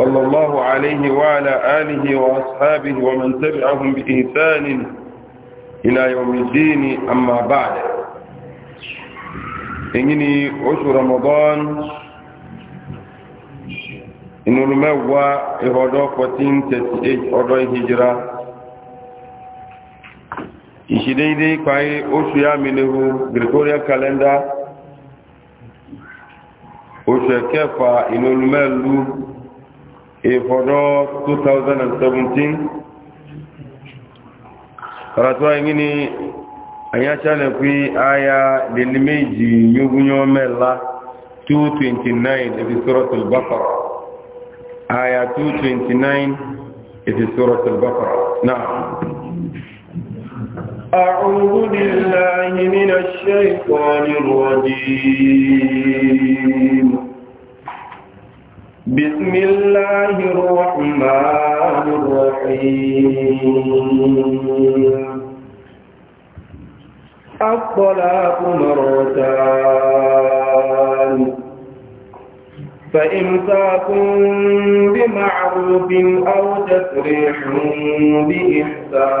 صلى الله عليه وعلى آله وأصحابه ومن تبعهم بإنسان إلى يوم الدين أما بعد إنني عشر رمضان إن الموى إهدو فتين تسئج أرأي هجرة إشديدي كاي عشر يامنه غريكوريا كالندا عشر كفا إن الموى ìfọ̀dọ́ 2017 karatuwa yi ni an ya ṣe fi aya dẹni méjì yóò mẹ́la 229 ìfi sọ́rọ̀tù bákọ̀rọ̀ aya 229 ìfi sọ́rọ̀tù bákọ̀rọ̀ náà أعوذ بالله من الشيطان الرجيم بسم الله الرحمن الرحيم الطلاق مرتان فإمساك بمعروف أو تسريح بإحسان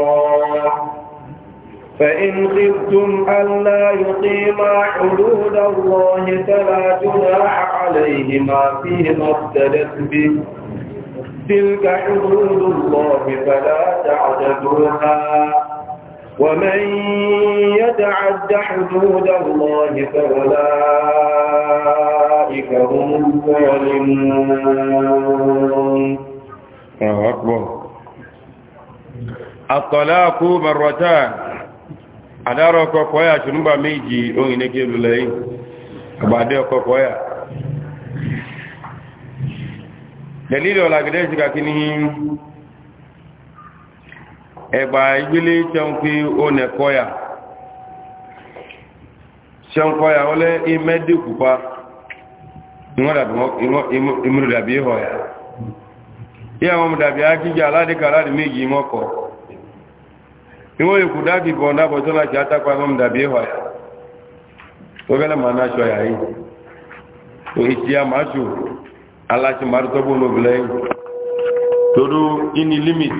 فإن خفتم ألا يقيما حدود الله فلا جناح عليهما فيما افتدت به تلك حدود الله فلا تعتدوها ومن يتعد حدود الله فأولئك هم الظالمون الله أكبر الطلاق مرتان adara ọkọkọ ya ṣùgbọ́n méjì ohun ní kí lulẹ̀ yìí àgbàdé ọkọkọ ya dẹ̀lílẹ̀ ọ̀làgídẹ́ ìsìnkà ya ọlẹ́ imẹ́dé kúpa ìmúdàbí ìhọ̀ ya mú dàbí akíjà aládìkà aládìí mọ́kọ̀ọ́ Ni yi kuda bi bɔ na bɔtɔ la jata kpa ŋɔm da bie hɔya o bɛ na ma na sɔ ya yi o yi tia ma su ala si ma tɔ bo n'obilɛ yi todo ini limit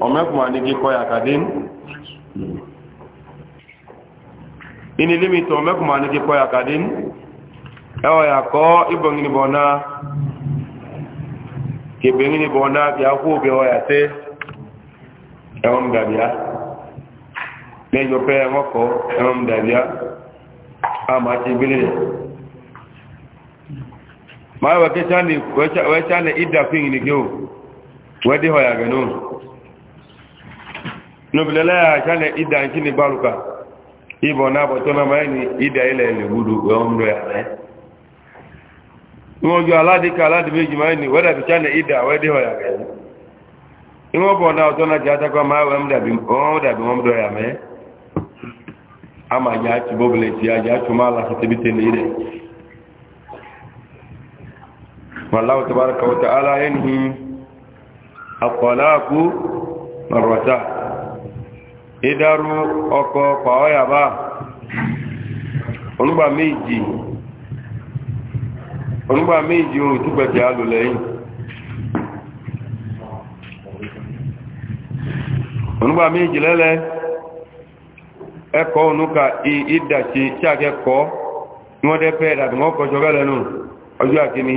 ɔmɛ kuma ni ki kɔ ya ka den ini limit ɔmɛ kuma ni ki kɔ ya ka den ɛwɔ ya kɔ ibɔngini bɔ na ẹ̀wọ̀n dàbíà lẹ́yìn pé ẹ̀wọ̀n kọ́ ẹ̀wọ̀n dàbíà a máa ti gbélé rẹ̀ máa wẹ̀ kẹ́sàn ní ìdàfin ní kí o wẹ́ dí ọ̀yà gẹ̀nú nùbìlẹ́lẹ́ àṣàn ní ìdà ń kí ní gbárùkà ìbọ̀ náà bọ̀ tó náà máa ní ìdà ilẹ̀ ilẹ̀ gbúdù ẹ̀wọ̀n lọ yàrá wọ́n jọ aládìkà aládìméjì máa ní wẹ́dà fi ṣàn ní ìdà wẹ́ dí ọ̀yà gẹ̀nú inwe ọbụ na ọzọ na ji adakwa ma ọnwụ dabi mdo ya mee ama ji achụba obele ji ya ji achụma ala sitebite na ire wallahu tabaraka wa ta'ala yanhi at-talaqu idaru oko paoya ba onugba meji onugba meji o tupe ti onugba méjì lẹ́lẹ́ ẹkọ́ onúka ìdàtí ṣàkẹ́kọ́ ní wọ́n dẹ́pẹ́ ìdàtí wọ́n kọjọ gẹ́lẹ̀ nù ọjọ́ àkíní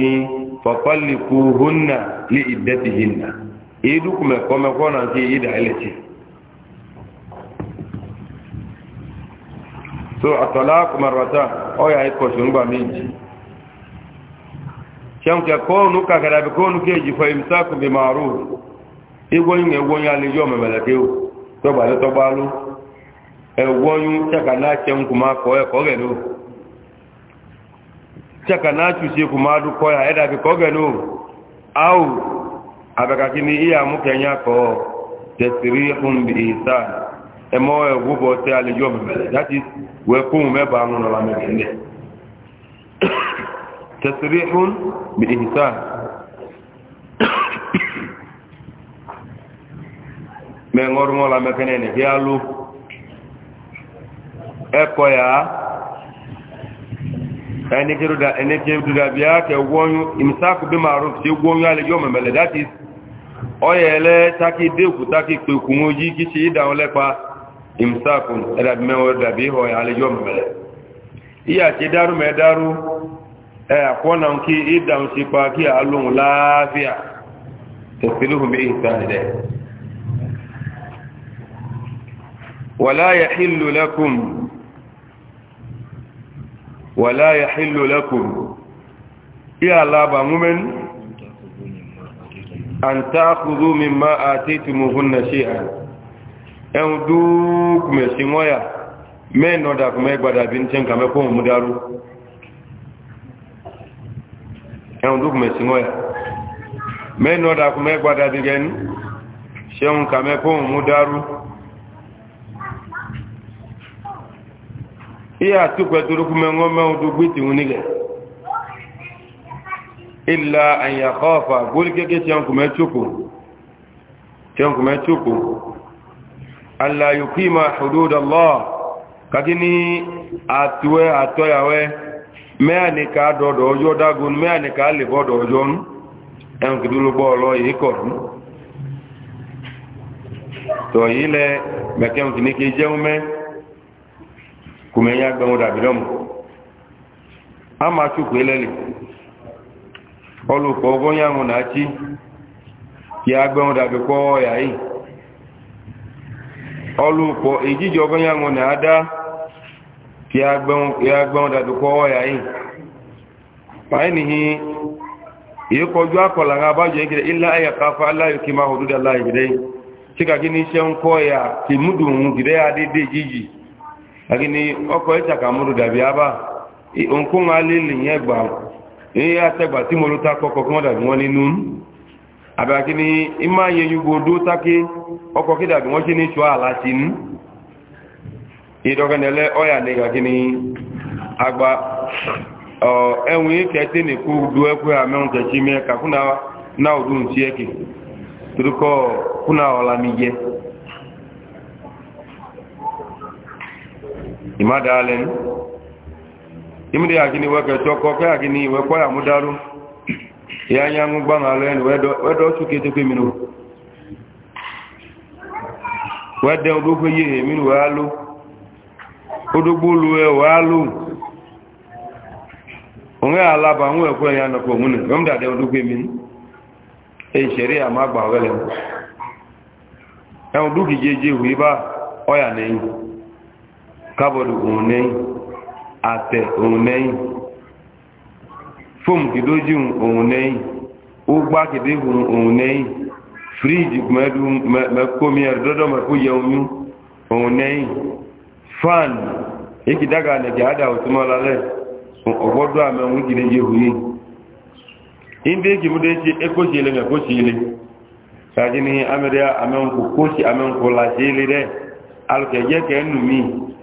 fọ̀pọ̀lìkù húnnà lé ìdẹ́tì hìnnà ìdúkùmẹ̀kọ́ mẹ́kọ́ náà ti ìdà ẹlẹ́tì so àtọ̀láàkù mẹ́rọ̀tà ọ̀yà ikọ̀ṣù onúgba méjì ṣẹ́mùkẹ́kọ́ onúka kẹ́dàbíkọ́ onúkẹ́ ìjì fọ igwonyun egwonyo alejo memeleke o tọgbà ló tọgbà ló ẹgwonyun ṣẹka náà ṣẹun kò máa kọ ẹkọ ya ẹdà fi kọ gẹ ló áwò àbẹ̀kàkí ni ìyá mú kẹyìn ọ tẹsírí bụ ìsà ẹmọ ẹgbúbọ tẹ alejo memele láti wẹkùn tesiri mɛ ŋɔrɔmɔ la mɛ kɛnɛ nìkɛ alo ɛkɔ ya ɛnike do da ɛnike do da biya ke wɔnyu imisaku bi ma rɔb se wɔnyu alijɔ mɛmɛlɛ dati ɔyɛ lɛ taki deku taki kpeku ŋo yi kisi yi dan lɛ kpa imisaku ɛdabi mɛ wɔ dabi hɔ ya alijɔ mɛmɛlɛ iya tse daru mɛ daru ɛ akɔna ki idan si kpa ki alo ŋu laafiya tɛsiri hun bi ihi ولا يحل لكم ولا يحل لكم يا لابا مؤمن أن تأخذوا مما آتيتموهن شيئا أن دوك مسيمويا من نودك ميقبدا بنتين كما يكون مدارو أن دوك مسيمويا من نودك ميقبدا بنتين شيئا كما يكون مدارو ihe àtúkọ̀ ẹ̀tọ́rọkú mẹ́wọ́n mẹ́wọ́n tó gbé tìhun nílẹ̀ ilá àyàkọ́ ọ̀fà gbórí kéèkéé ka ọkùn mẹ́tíòkò aláyòkí ma ṣòdódọ́lọ́ kàkí ní àtúwẹ́ àtọ́yàwẹ́ mẹ́àníkà dọ̀dọ̀ ọjọ́ dágún mẹ́àníkà lè bọ́dọ̀ ọjọ́ ẹ̀hùn kìdúlógbọ́ ọlọ́ yìí kọ̀ọ̀rún tọ̀yí lẹ mẹ́kẹ́hùn kìníkì jẹun kùmẹ̀ yẹn agbẹ̀wọ̀n dàbí lọ́mù a máa ṣùkú ẹlẹ́lẹ̀ ọlùkọ̀ na wọn náà tí kí agbẹ̀wọ̀n dàbí kọ́ ọ̀yà yìí ọlùkọ̀ èjìjì ọgọ́nyà wọn náà dá kí agbẹ̀wọ̀n dàbí kọ́ ọ̀yà yìí báyìí nìyí èyí kọjú akọ̀lá ń abájọ ilá ayà káfà aláyòkè máa hùdúdà láì gbèrè kíkà kí ní iṣẹ́ ń kọ́ ẹ̀yà jíjì lakini ọkọ̀ ẹ̀ta kàmúrù dàbí àbá òǹkún alélè yẹn gbà ní àtẹ́gbà tí mo ló kọ́kọ́ kí wọ́n dàbí wọ́n nínú àbẹ̀kí ni ìmá yẹn dó tákí ọkọ̀ kí dàbí wọ́n ṣe ní ṣọ́ àláṣí ní ọ̀yà ni àgbà ẹ̀wùn kẹtí ní kú ẹkú kẹtí kúnà náà kúnà ìmáda alẹ́nu ìmúdí àkíní wẹ́kẹ̀ tọ́kọ́ kẹ́ àkíní ìwẹ́ kọ́ ya ń gbá máa lẹ́nu wẹ́dọ́ súnké tó pé mìíràn wẹ́dẹ́ odógbé yìí èmìnú wà ló odógbó lu ẹ wà ló òun ẹ̀ kabọdụ onei ate onei fom kidoji onei ụgba kidehu onei friji medu mekomier dodo mekuye onyu onei fan ikidaga neke ada otumalale ogbodo ame onwe kideji huyi inde kimudechi ekosiele mekosiele kajini ameria amenku kosi amenku lasiele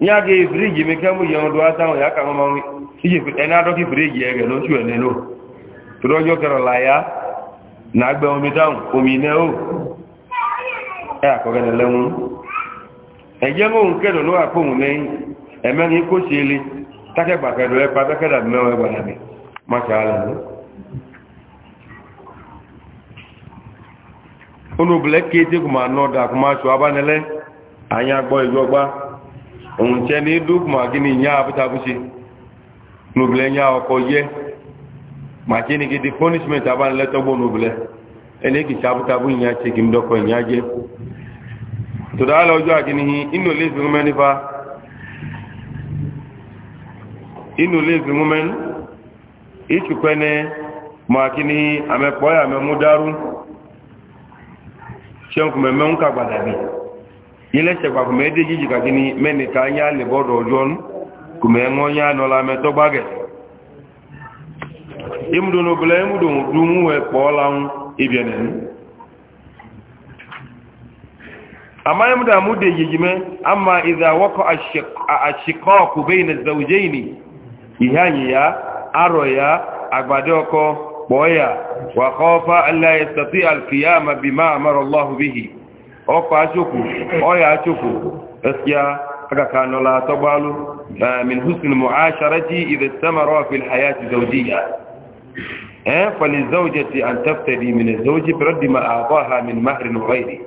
ya ga ifiriji e e e mi kẹ́mù yẹn ọdún atáwọn ìyá kan ya, ẹni adọ́kì ifiriji ẹgẹ̀ lóṣù ẹni ló tọ́jọ́ kẹrọ láyá na gbẹ omi dáhùn omi iná ó ẹ àkọ́gẹ́nà lẹ́mú ẹ̀jẹ̀ mọ́ òun kẹ́dọ̀ ló wà fóun lẹ́yìn ẹ̀mẹ́rin kó ṣe lé tákẹ́gbà kẹ́dọ̀ ẹ pa bẹ́kẹ́dà mẹ́wọ́ ẹgbà lábì má ṣe òun tẹ ní dúkùmọ̀ kí nye ìyá abútabúṣe nùbìlẹ̀ ìyá ọkọ yẹ màkí ni punishment abánilẹ́tọ́gbọ́ nùbìlẹ̀ ẹni kì í sábútabú ìyá ṣe kì í dọ́kọ̀ ìyá jẹ́ tòdá lọ́jọ́ àkínihìn inú ilé fa inú ilé dárú ń ilẹ̀ṣẹ̀ pàkó mẹ́ẹ́dé jíjì kàkí ni mẹ́nìkà anya lebọrọ bọ́dọ̀ ọjọ́ nù kò mẹ́ẹ̀wọ́n yá nọlá mẹ́tọ́ gbágẹ̀ ìmúdùn obìnrin ìmúdùn dùnmú ẹ̀ pọ̀ láhùn ibi ẹ̀nẹ̀ ní àmá ìmúdùn a ma ìdá wọ́kọ̀ àṣìkọ́ ma bihi. ọkọ̀ achụpụ ọya achụpụ gaskiya aka ka nọla tọgbalụ min husn mu'asharati idha istamara fi alhayati zawjiyya eh falizawjati an taftadi min azwaji bi raddi ma a'taha min mahrin wa ghayri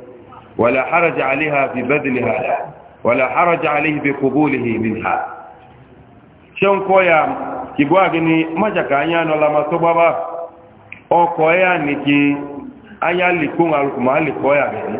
ولا حرج عليها في بذل هذا ولا حرج عليه بقبوله منها شون كويا كيغواغني ما جاكا يانو لما توبابا او كويا نيكي ايا ليكون الكمال كويا غني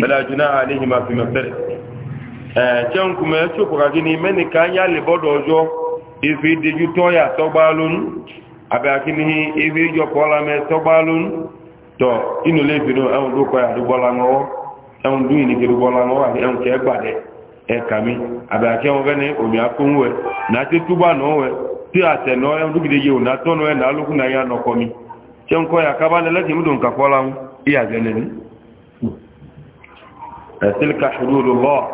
fala junaha alayhima fi mafsari eh chan kuma chuko kagini gị kanya le bodo ojo ifi diju toya togbalun abi me togbalun to inu le binu en ya du bola ngo ni ke du bola ngo ke abi omi akunwe na ti tuba no we ti na le nka tilka hududullah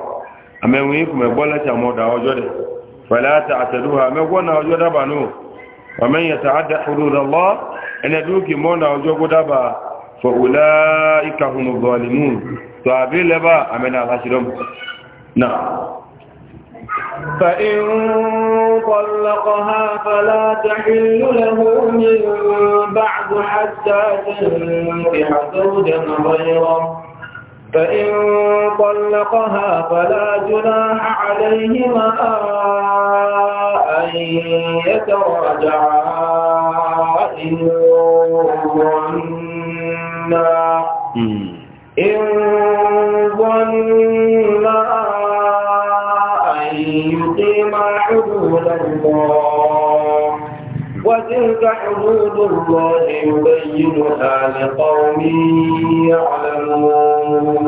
ame wi kuma bola ta mo da ojo de fala ta'taduha me gona ojo da banu wa man yata'adda hududallah ana duki mo na ojo goda ba fa ulaika humuz zalimun to abile ba amena gashirom طلقها فلا تحل له من بعد حتى تنكح زوجا غيره فإن طلقها فلا جناح عليهما أن يتراجعا إن ظنا إن ظنا أن يقيما حدود الله وتلك حدود الله يبينها لقوم يعلمون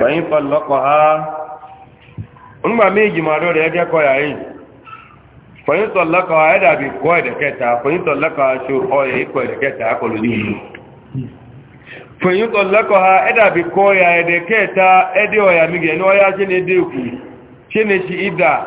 فإن طلقها ńgbà méjì máa rọrẹ̀ ẹjẹ́ kọ́ yàáyìn fọ̀yìn tọ̀lọ́kọ̀ ẹ̀dàbí kọ́ ẹ̀dẹ̀kẹta fọ̀yìn tọ̀lọ́kọ̀ aṣọ ha ikọ̀ ẹ̀dẹ̀kẹta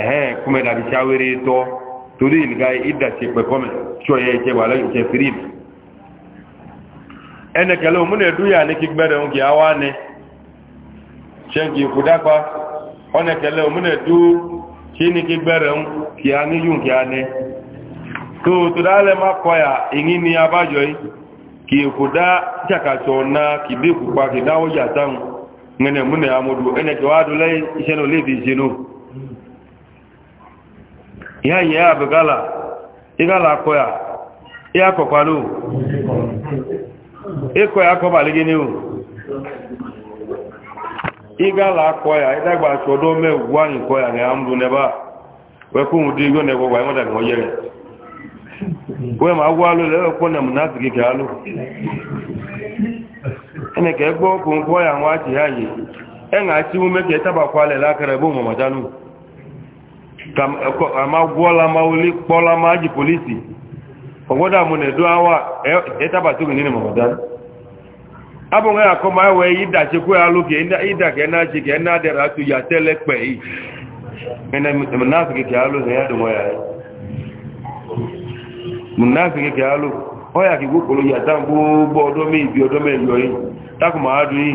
ẹ̀hẹ́n kúmẹ̀ dàbí sí awéré tọ́ torí ìlúgá ìdàṣe pẹ̀kọ́mẹ̀ ṣọ́yẹ́ ìṣẹ́ wà lẹ́yìn ìṣẹ́ fírìm òmúnẹ̀ dúyà ní kí gbẹ́rẹ̀ oúnjẹ a ní yùn kí a ní tó tó dálẹ̀ má kọyà ni kì ìkúdá jàkàtọ̀ náà kì kì dáwọ́ yàtàun ẹnẹ̀múnẹ̀ amúdù ẹnẹ̀kẹ̀wádùn ihe nye ya bụ gala ịgala akọ ya ya kọkwalụ ịkọ ya akọbalị gị ị ịgala akọ ya ịdagba achọdọ mee ugwu anyị kọ ya ya mbụ n'ebe a wekwụ dị na ya wee ma agwọ alụ na mụnasị gị e na-achị ume ka ịtabakwalele akara bụ ama la ma wuli oli la ma ji polisi obodo e, e a mụ na-edo awa etabata oge niile mamadan abụghị akọ ma e wee ịdachekwa ya alụ ka ịda ka na ji ka na adịra atụ ya tele kpe yi munafiki ka alụ ya dị ya alụ ọ ya ka igwe kpọrọ ya ta mgbe ụgbọ ọdọmebi ọdọmebi oyi takụ ma ha dụ iyi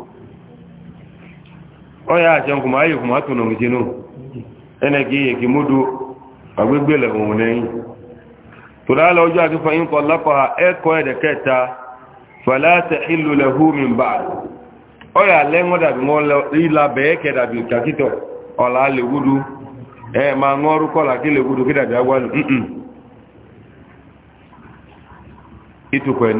ọya àṣẹ kùmọ̀ ayé kùmọ̀ àtùnà òjìnú ẹnẹ̀kì èkì múdú agbégbèlẹ̀ òun lẹ́yìn tó dáálà ojú àti fàyín kọ lápàá ẹkọ́ ẹ̀dẹ̀ kẹta fàlátẹ̀ ìlú lẹ́húmi bá ọya lẹ́wọ́n dàbí wọ́n líla bẹ̀ẹ́kẹ́ dàbí kàkítọ̀ ọ̀là lẹ́wúdú ẹ ma ń ọrú kọ́là kí lẹ́wúdú kí dàbí agbálù ìtukọ̀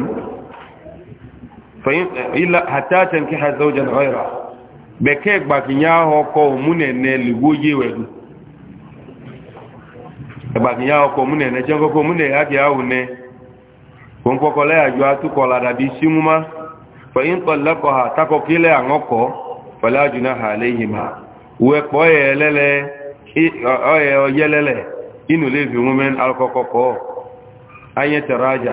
bekee gbakinye ahụ ọkọ omunene ligwoye welu gbakinye ahụ ọkọ omunene chenkọkọ omunene ha ahụ ne kpọmkpọkọla ya jụ atụkọla dabi isi mụma fọyị ntọlekọ ha takọkile kọ fọlị ajụ na ha aleghi ma uwe kpọ ya elele ọya oyelele inulevi nwomen anyị tere aja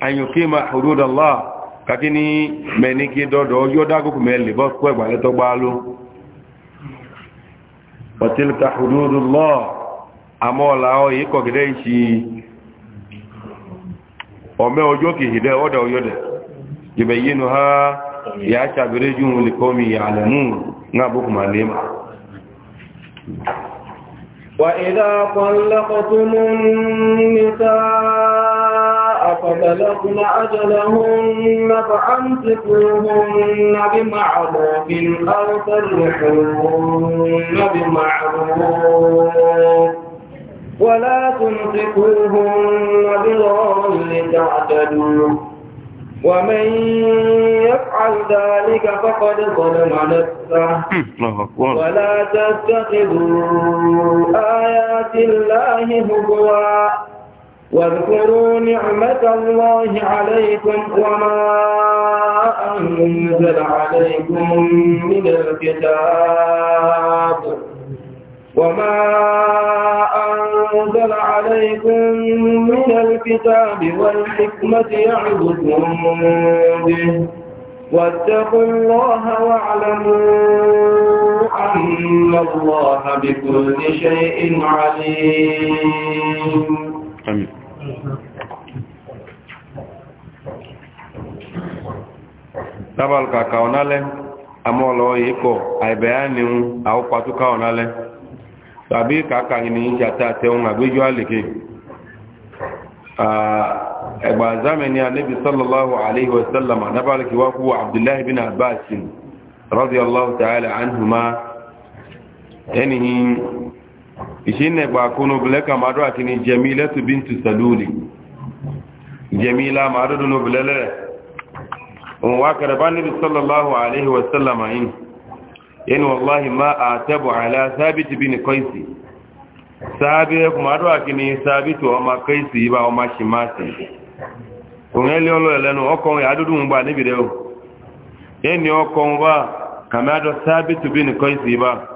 an yuqima hududallah kakini meniki dodo yodago kumeli bo ko gbale to gbalu wa tilka hududullah amola o yiko gide ishi ome ojo ki hide oda oyode jibayinu ha ya shabire فبلغن أجلهن فأمسكوهن بمعروف أو فرحوهن بمعروف ولا تمسكوهن بغير تعتدوا ومن يفعل ذلك فقد ظلم نفسه ولا تتخذوا آيات الله هزوا واذكروا نعمة الله عليكم وما أنزل عليكم من الكتاب وما أنزل عليكم من الكتاب والحكمة يعظكم به واتقوا الله واعلموا أن الله بكل شيء عليم amin dabal ka ka onale amolo iko aibeani un au patu ka onale tabi ka ka ni jata te un agbejo aleke ah egba zamani annabi sallallahu alaihi wasallam dabal ki wa ku abdullahi bin abbas radiyallahu ta'ala anhuma yani ishine ba kuno bilaka madu akini jamilatu bintu saluli jamila madu no bilale on wa karabani bi sallallahu alaihi wa sallama in in wallahi ma atabu ala thabit bin qais sabi ko madu akini sabit o ma qais ba o ma shimasi on ele olo elenu okon ya dudu ngba ni bide o eni okon ba kamado thabit bin qais ba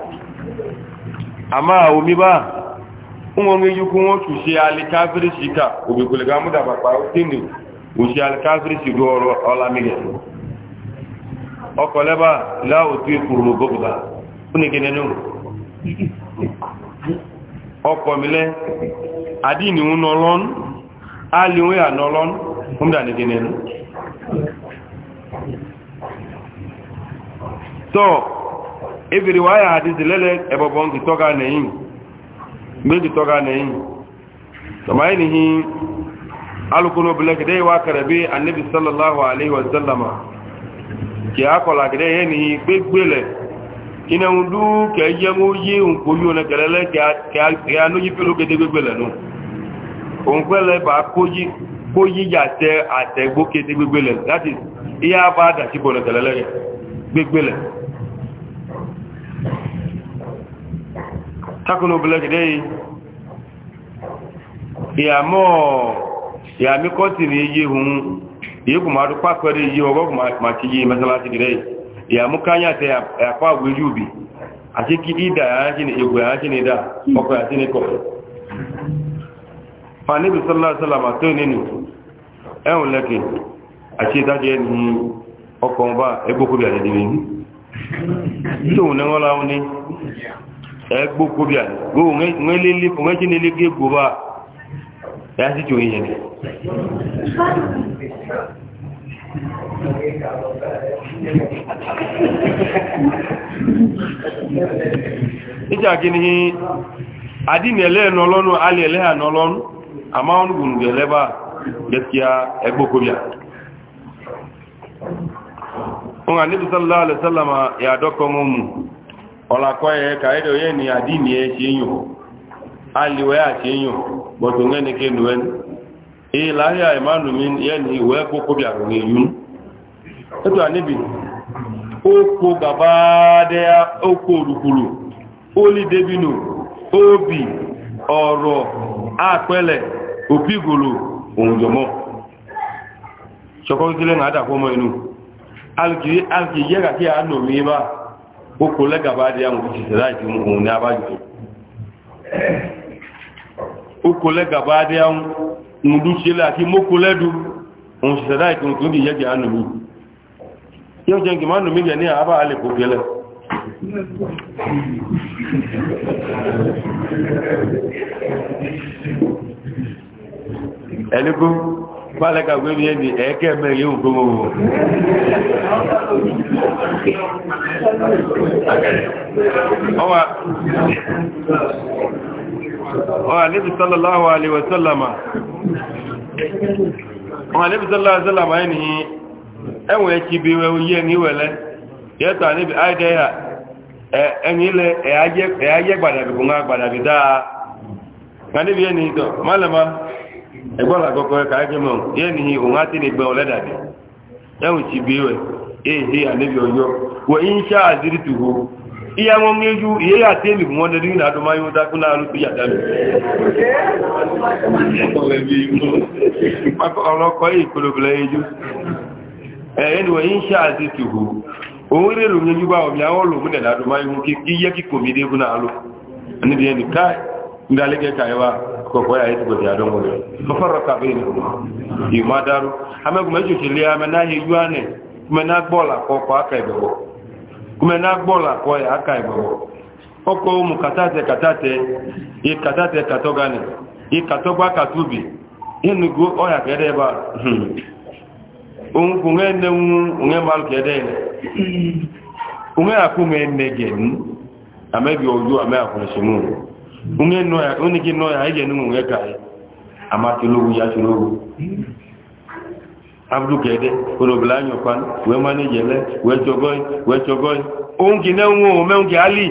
amma omi ba unwa mai yi kuma tushe alikafir shi ka obi kulga mu da bakpa ote ne tushe alikafir shi do olamige ọkọlẹ ba láòtú ìkùrùmù gbogbo fún ìgbẹ́ nínú ọkọ̀ mílẹ̀ àdínì ń nọlọ́n alìwé ànọlọ́n fún ìdánigẹ́ ebiri waya hadisi lele ebobo ngi toga na yin meji toga na yin tama yin hi alukuno bile gide wa karabi annabi sallallahu alaihi wa sallama ki akola gide yen hi gbegbele ina ndu ke je mu yi un ko yo na gelele ka ka anu yi pelu gede gbegbele nu on gbele ba koji koji ya te ategbo kede gbegbele that is iya ba da ti bo na gelele gbegbele takolo black day ìyàmọ́ ìyàmí kọ́tì ní iye hun iye kò máa rúpá pẹ̀lú iye ọgọ́ ma ti yí ya gẹ̀rẹ́ ya káyà tẹ àpá bi bí àti kí ìdà àyájí ni ègbò àyájí ni ní kọ̀ọ̀ fanibi sallásallama tó nínú ẹ̀hùn ẹgbó kóbíà gbóhùn ńlẹ́lẹ́ fún ẹjí nílé gé gbòbá láti jò yẹn níjàkí ni àdínì ẹlẹ́ẹ̀nà ọlọ́nu alẹ́ ẹlẹ́ẹ̀nà ọlọ́nu àmá wọn gbùngbù ẹlẹ́bà gẹ́kíá ẹgbó kóbíà wọn àníbùsọ́lá alẹ́sọ́lámà ìyàdọ́kọ̀ mọ́mù ọlakwaye ka ede onye na ya dini ya echi enyo aliwe achi enyo gbọtụ onwe na kenu en ila ahịa emanu ya na iwe kpokpo bịara n'eyu etu anibi okpo gabade ya okpo rukwuru olidebinu obi ọrọ opigolo mọ a kókó lẹ́gàbá di àwọn òṣìṣẹ́ láìsí òun ní abájú kókó lẹ́gàbá di àwọn òdúṣẹ́lẹ̀ àti mókó lẹ́dù òun ṣiṣẹ́ láìsí òun tó ń yẹ́ jẹ́ yóò jẹ́ kí ní àbá alẹ́ ìpalẹ̀ kàgbé ní ẹni ẹ̀ẹ́kẹ́ mẹ́rin yóò gbogbo ọwà ọwà níbi sallallahu alaihi wasallama ọwà níbi sallallahu alaihi wasallama ẹni ẹwọ̀n ẹ̀kì bí wẹ́ oyé ní wẹ̀lẹ́ níbi àìdẹ́yà ẹni ilẹ̀ ẹ̀yà jẹ́ gbàdàbì ẹgbọ́n àkọ́kọ́ ẹ̀ka ẹgbẹ́mọ̀ yẹ́ ni òun á ti lè gbẹ́ ọlẹ́dàbí ẹ̀hùn ti bí wẹ̀ èhè ànẹ́bí ọjọ́ wọ ìṣà àdírí tùhó ìyá wọn méjú ìyé àti fún wọn lẹ́dí ní àdọ́máyé ó dákú náà ló fi yàtà lù ọlọ́kọ́ ẹjú òun bá ọmọ kí kíkò mí dé fún náà lọ koko ya yiti gote adon gote mafarraka bayna kuma yuma daru ame kuma ju chili ame na hi kuma na bola ko ko akai kuma na bola ko ya akai oko mu katate katate ye katate gani ye katogba katubi enugo oya kede ba un kunge ne un mal onye gị nọ ya ige n'ụmụ nwe ka anyị amatụlowu ya chụrowu abụrụkede orobela anya ụkwan wee mana eji ele wee chọgoi wee chọgoi onwu gị na-enwe omenwu gị ali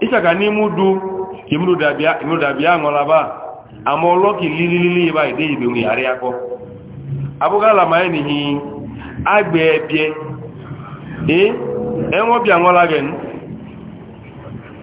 ịchaka n'ime udu kimrudabịa aṅụlaba ama lili ya ịba ide ibe nwe yari akọ abụghịala ma ya n'ihi agba ebie ee enwọbịa aṅụla gị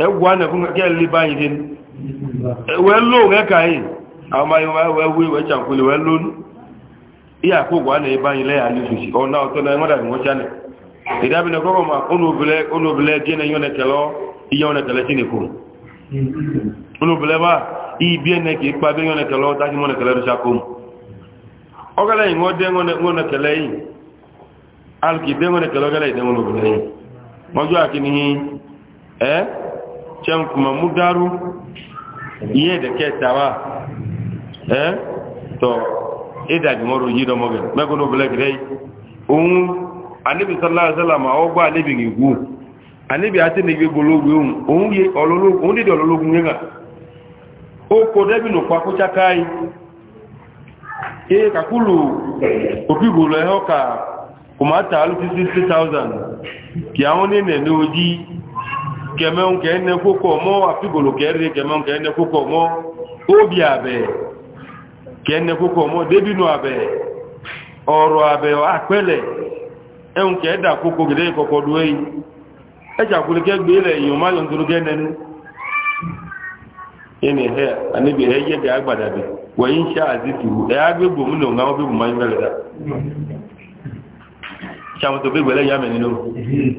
E ẹgbù anẹ̀kún kẹ́kẹ́ lè báyìí dín ẹwẹ́ lóòrùn ẹ́kà yìí àwọn ọmọ ẹwẹ́ wí ìwẹ́ jàǹkulẹ̀ wẹ́ lónú ìyà àkókò anẹ̀ ìbáyìí lẹ́yà alìsùsì ọ̀nà ọ̀tọ́ náà wọ́n dàbí wọ́n ṣánẹ̀ ìdábìnẹ̀ kọ́kọ́ ma onóbìlẹ̀ gẹ́nẹ̀ yọ́nẹ̀kẹ̀lọ́ ìyẹ́ ọ̀nẹ̀kẹ̀lẹ́ ẹ́ can kuma mu daru iye da ke tawa eh to ida ji moro yi da mogen megono black day un anibi sallallahu alaihi wasallam o gba ati ni gbogbo un un ye olologun un dide o ko debi no pa ko e kakulu opigo lo kumata o ka kuma ta alu 66000 ki awon ni ne ni oji kẹmẹ ń kẹ ẹnẹ kókọ mọ àfigolo kẹrẹ kẹmẹ ń kẹ ẹnẹ kókọ mọ óbì abẹ kẹnẹ kókọ mọ débìnú Debi ọrọ abẹ àpẹlẹ ẹn kẹ ẹdà kókọ gẹdẹ kọkọ do eyi ẹjà kúlẹ ẹ yẹ gẹ agbadabi wẹyìn ṣe be wù ẹ agbégbò mú nìyọ̀n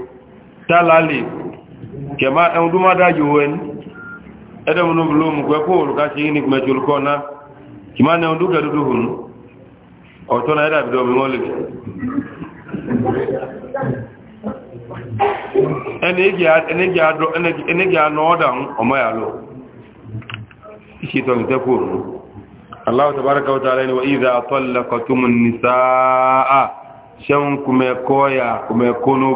talali kema enduma da juwen edem no blum ko ko ka ci ni metul kona kima ne ndu gadu duhun o na e da do mi e e o ma yalo shi to nte ko Allah tabaraka wa ta'ala wa idha nisaa shan kuma koya kuma kono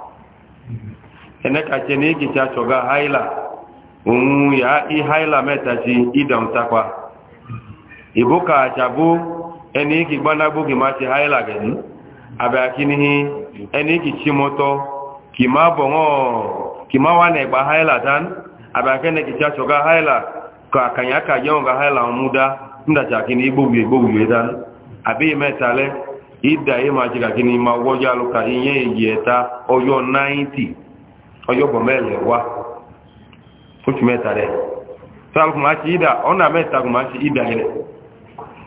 eneka che na cha chọga haila onwu ya ihaila metachi idamtakwa ibu ka achabu eni iki gbanagbo gị machi haila gị abịa kinihi eni iki chimoto kima bọnwọ kima wa na ịgba haila tan abịa k'ene na cha chọga haila ka akanya aka jenwụ ga haila ọmụda ndacha kini igbogbi igbogbi tan abịa imetale ida ịmachi ka kini ma ụgwọ ji alụ ka ihe eji eta ọjọọ 90 ọjọ́ bọ̀ mẹ́lẹ̀ wá oṣù mẹ́ta rẹ̀ na ìdà ọ̀nà mẹ́ta ìdà rẹ̀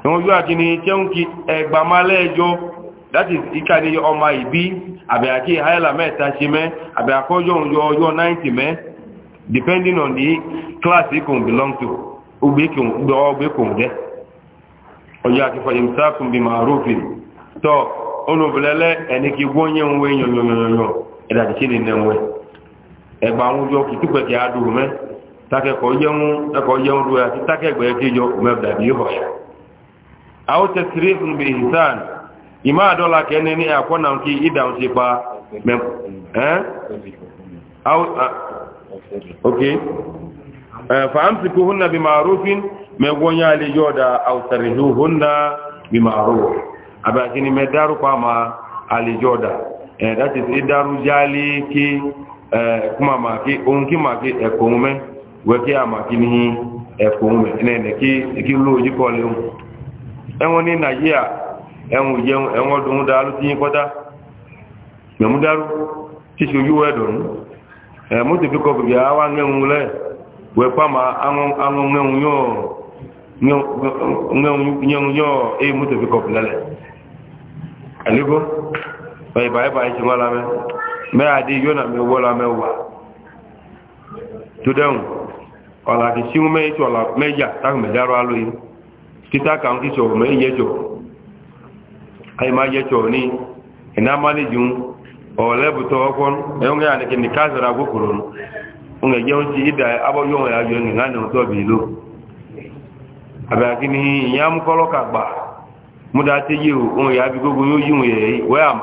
ìwọ̀n yóò àti ní ẹgbà máa lẹ́ẹjọ́ láti ìka ní ọmọ ìbí mẹ́ta ṣe mẹ́ ọjọ́ ọjọ́ 90 mẹ́ depending on the class can belong to ọgbẹ́ kò dẹ́ ọjọ́ àti bí máa tọ́ ọ̀nà ẹni kí ẹgbà àwọn ojú ọkì túpẹ̀ kí a dùn mẹ́ takẹ́kọ̀ọ́ yẹun ẹkọ̀ yẹun rú àti takẹ́gbẹ̀ẹ́ tí yọ mẹ́bdà bí họ̀ṣà àwọn tẹ̀sírí fún bí ìsàn ìmá àdọ́là kẹ́ni ní àkọ́nà kí ìdáhùn ṣe pa mẹ́ fàámsì kú húnna bí màrúfin mẹ́gbọ́nyá lè yọ da àwùsàrì húnna bí màrúf àbáṣe ni mẹ́ dárúkọ àmà àlejò ọ̀dà ẹ̀ dá ti sí dárú jálé kí kuma maki onki maki ekonume weki amaki ni ekonume ne ne ki ki loji kole un um. ewon ewu. nigeria ewon jeun ewon dun daru ti kota me mu daru ti so yuwe e ti ko bi awa ngeun le we pa ma anwon anwon ngeun yo ngeun ngeun yo e mu ti ko aligo bye bye bye wala me mẹ́àdé yóò nà mẹ́wọ́lá mẹ́wàá tó dẹ́hùn ọ̀là kì sí mẹ́ẹ̀tì ọ̀là mẹ́yà táwọn mẹ́dáró alóyè títà kàn kí sọ̀rọ̀ mẹ́yẹ̀jọ̀ àyèmáyẹ̀jọ̀ ní ìnámánìjú ọ̀lẹ́bùtọ̀ ní kìnnì káàsìrà gbókòrò ń gẹ̀ jẹun ti ìdá ní lánà tó bì ló àbẹ̀kí ni ìyá gbogbo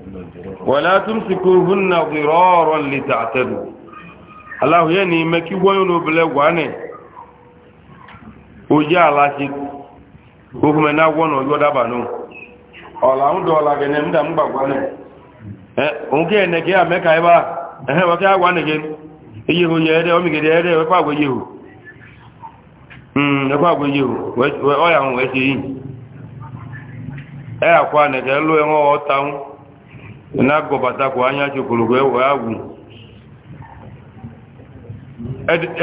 wala tumsikuhunna diraran lita'tadu alahu yani meki woyo no bele gwane oja alashi hukume na wono yoda banu ola ndo ola gene mda mba gwane eh onke ne ke ameka iba eh wa ka gwane ke iye e pa gwe ye ho na gọbata kwa anya chokologo ewe agwụ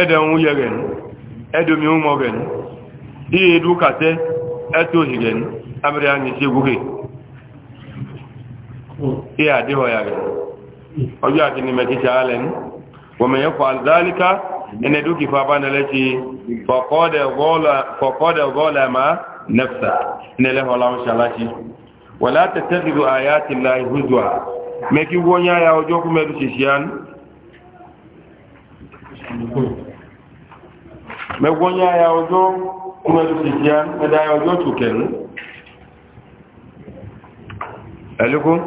edenwuye gen edomi ụmụ ihe edukate etohi etu abịrị anyị isi gwughị ihe ya n'ime kịcha alen kwa zalika ene duki fa ma nefsa ene lehọla wala tattakhidhu ayati llahi huzwa meki wonya ya ojo ku medu sisian me wonya ya ojo ku medu sisian me da ya ojo tuken aluko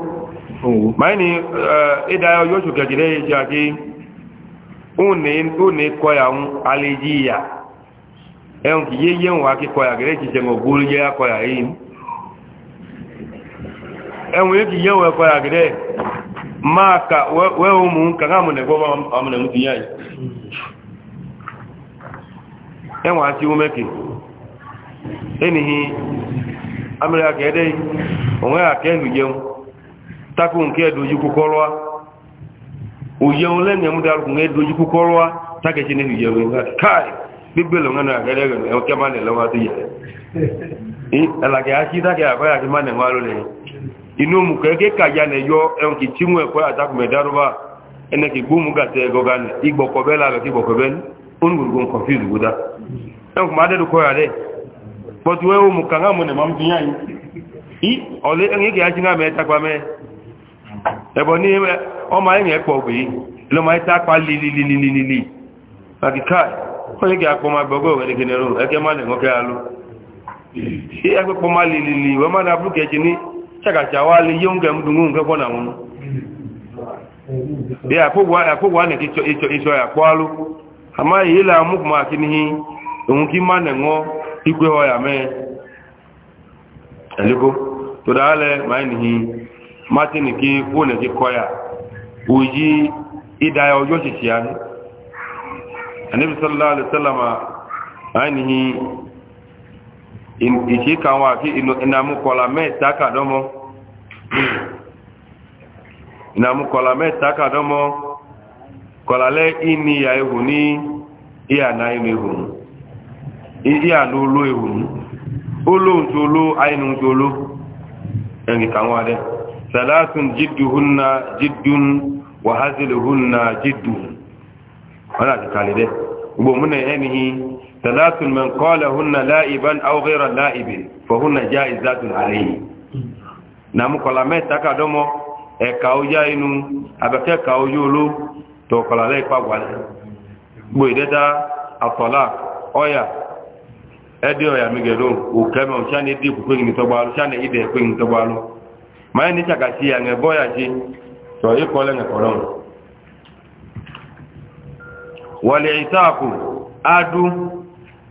maini eh, ida ya ojo tuken jide jaki unne unne ko ya un alijiya en ki yeyen wa ki ko ya gere ki se ngo gulu ya ko ya yin enwe ji ye wee kwara gide ma ka wee ụmụ nka ha mụ na-egwe ọmụ m tinye anyị enwe asị ume ke amịrị aka ede onwe ha ka enuje takụ nke edojikụkọrụa uje ole nye m darụkwụ nwa edojikụkọrụa takechi na ehuje kai gbígbèlò ngánà àgẹ́rẹ́ rẹ̀ ẹ̀kẹ́ má lè lọ́wọ́ tó yẹ ẹ̀làkẹ́ á sí dákẹ́ àkọ́yà ma má nẹ̀ inu mu keke kaja ne yo en ki timu e ko ata ku medaruba ene ki gumu ga te go gan igbo ko bela ga ki bo ko ben un gur gun confuse guda en ku made ko ya de but we mu kanga mu ne mam tinya yi i ole en ki aji nga me ta kwa ni o ma lo ma kwa li li li li li li ba ki kai ko le ki apo ma gbogo ga na bu ke chakacha wale yonge mdungu nge kona munu ya kugwa ya kugwa ne kicho icho icho ya kwalu ama ila mukuma kinihi unki mane ngo ikwe ho ya me eliko to dale maini hi matini ki one ki koya uji idaya ojo chichiani anabi sallallahu alaihi wasallama ìṣe kan wà kí ìnàmúkọlà mẹ́ta kàdọ́mọ́ ìnàmúkọlà mẹ́ta kàdọ́mọ́ kọlalẹ́ ìní ìyà ihò ní ìyànà inú ihò ìyànà olú ihò olóhùn tí olú àìnú tí olú ẹ̀rìn kan wà dẹ́ sàlátùn jìdùhúnna jìdùn wàhásìlùhúnna jìdùn wọ́n láti kàlẹ̀ dẹ́ gbogbo ẹni yìí ثلاث من قالهن لائبا او غير لائب فهن جائزات عليه نامو كلا متا كدومو e kawo ya inu abake kawo yolo to kola le pa wa bo ideta atola oya edi oya mi gero o keme o chani di ku kwini to chani ide kwini to ma ni ya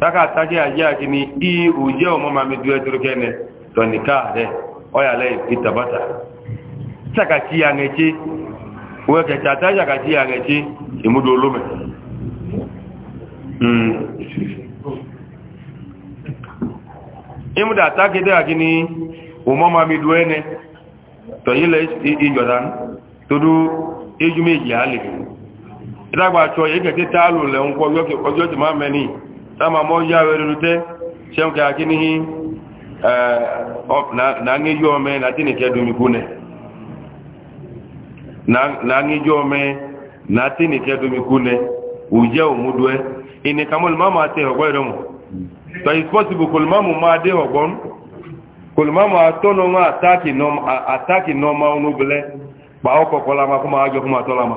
taka atake aje ni i uje omo mami duwe turkene to nika de oya le itabata taka ti angechi we ke tata ya ka ti angechi imudo lume mm imuda atake de ni omo mami duwe ne to yile ijodan todu eju meji ale idagba cho ye ke te talu le nko yo ke ojo ti Tama mo ya werute shem ka kini eh op na ngi yo me na tini ke du mi kune na na ngi yo me na tini ke du mi kune uje o mudwe ine kamol mama te ho gwe romo so it's possible kul mama ma de ho gon kul mama atono ma ataki no ataki no ma unu bele ba oko kola ma kuma ajo kuma tola ma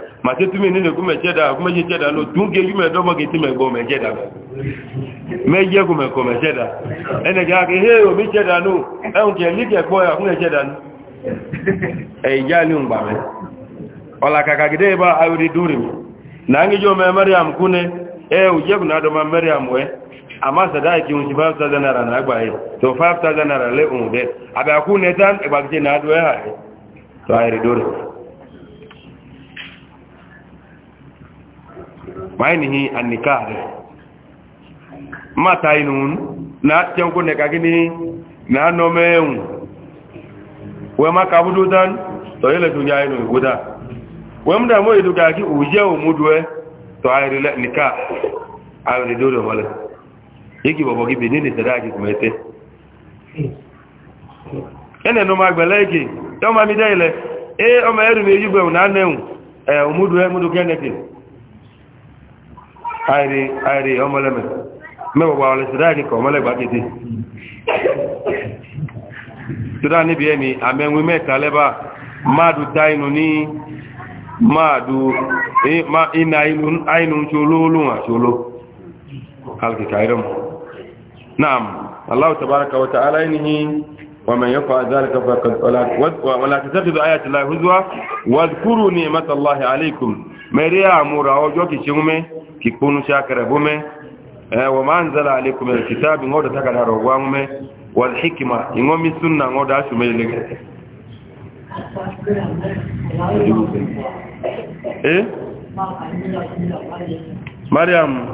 màtí túnmí nínú kú mẹ́jẹ́dà kú mẹ́jẹ́dà ló tún gé yú mẹ́dọ́mọ́ kí tí mẹ́gbọ́ mẹ́jẹ́dà mẹ́jẹ́ kú mẹ́kọ̀ mẹ́jẹ́dà ẹnìkẹ́ àkè hé omi jẹ́dà nù ẹ̀hùn kẹ́ ní kẹ́kọ́ ẹ̀ fún ẹ̀jẹ́dà nù ẹ̀yà ní ń gbà mẹ́ ọ̀làkàkà gidẹ́ bá ayọ̀dẹ dúrì mi náà ń jọ mẹ́ mẹ́rìàm kú ní ẹ̀ ò jẹ́kù náà dọ́mọ mẹ́rìàm wẹ́ àmà sàdá ìkí ohun ti 5000 naira náà gbà yìí tó 5000 naira lé òun dẹ́ àbẹ̀ àkú nẹ́tàn ìgbàgbé náà dọ́ ẹ̀ hà yìí tó ayọ̀dẹ dúrì mi mainihi annikah mata inun na tenko ne kagini na no meun we maka budu dan to yele dunya inu buda we mda mo idu kagi uje o mudwe to ayri la nikah ayri dodo wala yiki bobo gibi nini sadaki kumete ene no magbele yiki to ma mi dele e o ma eru mi yugbe na neun e o mudwe mudu keneke ayiri ayiri ọmọlẹ́mẹ̀ mẹ́wàá wà lẹ́sẹ̀ dáàdì kọ̀ ọmọlẹ́gbà kété tó níbi ẹni àmẹ́wé mẹ́ta lẹ́bà máàdù ta inú ní máàdù iná inú ala wata ومن يفعل ذلك فقد ولا تتخذوا آيات الله هزوا واذكروا نعمة الله عليكم مريا kikponu shakara bume eh, wa ma anzala alaykum alkitabi ngoda takada rogwa mume wal hikma ingomi sunna ngoda ashume eh mariam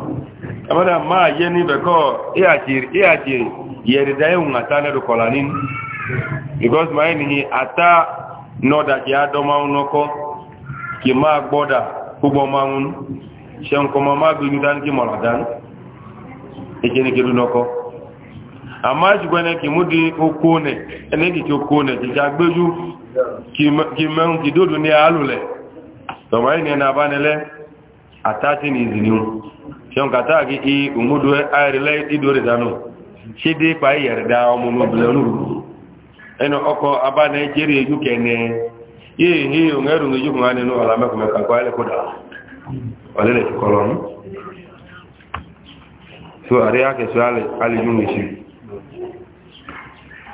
mariam ma yeni beko iachir iachir yerida yu ngatane do kolanin because my ni ata noda ya doma unoko ki ma gboda kubo shan kuma ma bi dan ki maradan ike ne kiru noko amma ji gwana ki mudi oko ne ene ki oko ne ki jagbeju ki men ki dodo ne alule to mai ne na banele atati ni izinu shan kata ki i umudu ayrile idore danu shede pa yarda omo no blenu eno oko abane jere eju kene ye he o ngeru ngeju ngane no ala mekome ka kwa ile koda alele ti kọlọ ní so àrí àkẹsọ alìjúmù ìṣe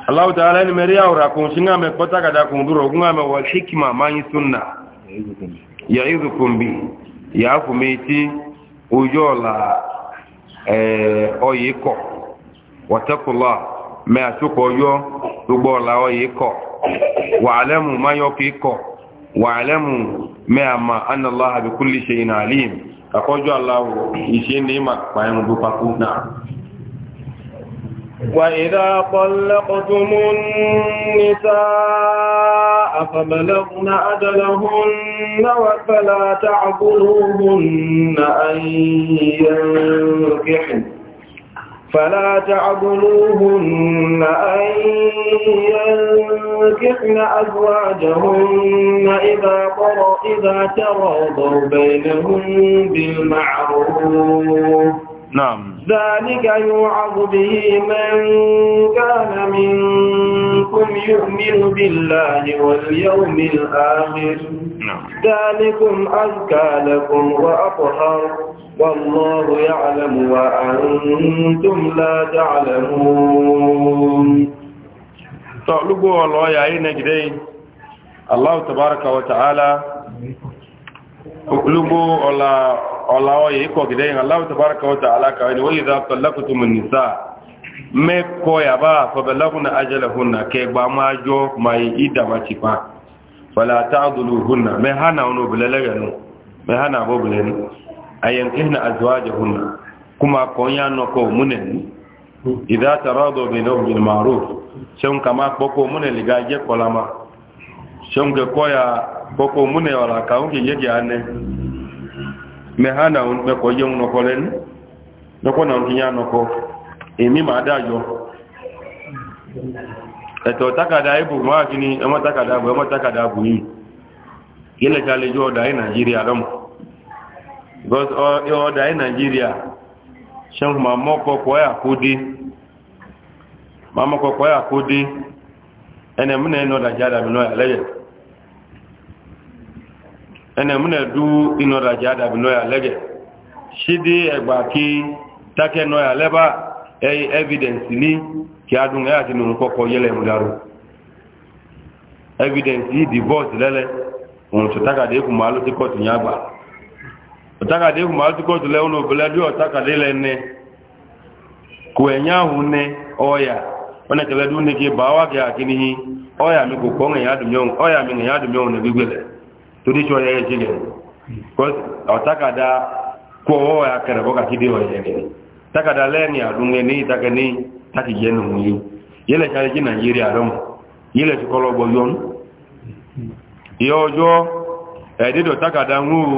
aláwọ̀ta alẹ́ni mẹ́rí àwòrà kùn sí náà mẹ́kọ́ tágàdá kùn dúró gún àmẹ́ wọ hikima máa yí súnà yà ìrù kùn bí yà á fún mi tí ojú ọ̀la ọyẹ kọ̀ wọ́tẹ́kùlá mẹ́ àtúkọ̀ ọjọ́ gbogbo ọ̀la ọyẹ kọ̀ wà á lẹ́mù máyọ́ kì kọ̀ واعلموا ما ما أن الله بكل شيء عليم أقول الله يشين لما قائم بفقونا وإذا طلقتم النساء فبلغن أجلهن فلا تعبروهن أن ينكحن فلا تعبدوهن أن ينكحن أزواجهن إذا إذا تراضوا بينهم بالمعروف نعم ذلك يوعظ به من كان منكم يؤمن بالله واليوم الآخر نعم ذلكم أزكى لكم وأطهر والله يعلم وأنتم لا تعلمون تعلقوا الله يا عين جدي الله تبارك وتعالى اقلبوا الله الله يكو جدي الله تبارك وتعالى كان وإذا طلقتم النساء mẹ́kọ́ yàbá fọ́bẹ̀lọ́kùnà ajẹ́lẹ̀hùnà kẹgbà máa jọ máa ìdàmà ti pa fọ́lá tààdùlù hùnà mẹ́hánà ọ̀nà obìnrin lẹ́rẹ̀ nù mẹ́hánà àbọ̀bìnrin ayyantihna azwajahunna kuma konya noko muneni idza taradu bainahum bil ma'ruf shon kama boko muneli gaje kolama shon ge koya boko mune wala kaunge yege ane mehana un me koye un noko noko na unya noko emi ma da eto takada ibu ma kini e mo takada bu e mo takada bu yi ile kale jo da Nigeria lomo because ọ̀dà ní nàìjíríà ṣẹ́hùn ma mọ́kọ̀kọ́ ẹ̀ àkódé ẹnẹ̀ múnẹ̀ iná ọ̀dà jáde àmì náà lẹ́yẹ̀ ẹnẹ̀ múnẹ̀ dú iná ọ̀dà jáde àmì náà lẹ́yẹ̀ ṣídí ẹgbà kí tákẹ́ náà lẹ́bà ẹ̀yí evidence ní kí adùn ẹ̀ àti nùnú kọ́kọ́ yẹlẹ̀ múdàrú evidence yìí divorce lẹ́lẹ̀ òun tó tákàdé kùmọ̀ alótíkọ̀tù yàgbà ọ̀tàkàdé kò máa túkọ̀ tó lẹ́wọ́n òbílẹ̀ bí ọ̀tàkàdé lẹ́ni kò ẹ̀yà hùn ní ọ̀yà ọ̀nà kẹlẹ́dún ní kí bá wà kí àkíní yìí ọ̀yà mi kò pọ̀ ẹ̀yà àdùnmíọ̀hùn ní gbígbẹ̀lẹ̀ tó dí ṣọ́ ẹ̀yẹ ṣe gẹ̀rẹ̀ ọ̀tàkàdá kó ọwọ́ ya kẹrẹ̀ bọ́ kàkídé ọ̀yẹ̀ gẹ̀rẹ̀ takàdá lẹ́ni àdúnmẹ́ ní ìtakẹ́ ní tàkì yẹ́ nù yìí yẹ́lẹ̀ ṣe àrẹ́jì nàìjíríà lọ́mù yẹ́lẹ̀ ti kọ́lọ́ gbọ́ yọ́nù ìyọ́ ọjọ́ ẹ̀ẹ́dẹ́dọ̀ takàdá ń wúwo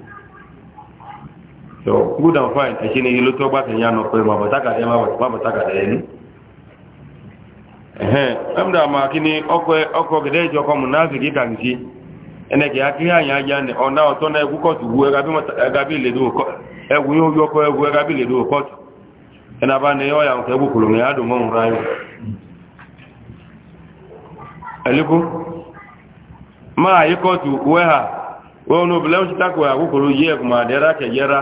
so good and fine ẹ̀ṣẹ́ ni ilé tó gbáṣẹ̀ yá nọ pé màmọ̀ tákàdé màmọ̀ tákàdé ẹni ẹ̀hẹ́n ẹ̀mdà máa kí ni ọkọ̀ gẹ̀dẹ́ ìjọkọ̀ mù náà sì kí kà ń sí ẹnẹ̀kẹ̀ akíyà yá yá ni ọ̀nà ọ̀tọ́ náà ẹkú kọ́ọ̀tù wú ẹgabí ìlèdò ẹwù yóò yọkọ̀ ẹwù ẹgabí ìlèdò kọ́ọ̀tù ẹnà bá ní ọ̀yà òkè bùkùlù ní adùn mọ́ òun ráyò ẹ̀lẹ́kú máa yí kọ́ọ̀tù wẹ́hà wọ́n ní obìnrin ṣe tákò àkókò yí ẹ̀kùnmọ̀ àdẹ́rà kẹ̀yẹ́rà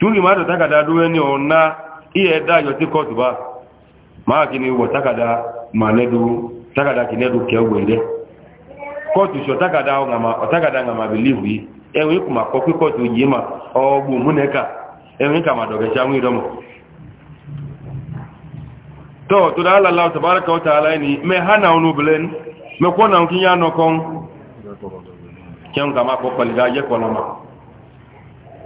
tungi ma to takada duwe ni ona iye da yo ti court ba ma kini wo takada manedu takada kinedu kewende court so takada o ngama o takada ngama believe yi ewe kuma ko ki court yi ma o bu muneka ewe ka ma doge cha nwi domo to to da Allah tabaaraka wa ta'ala ni me hana onu blen me ko na nkinya no kon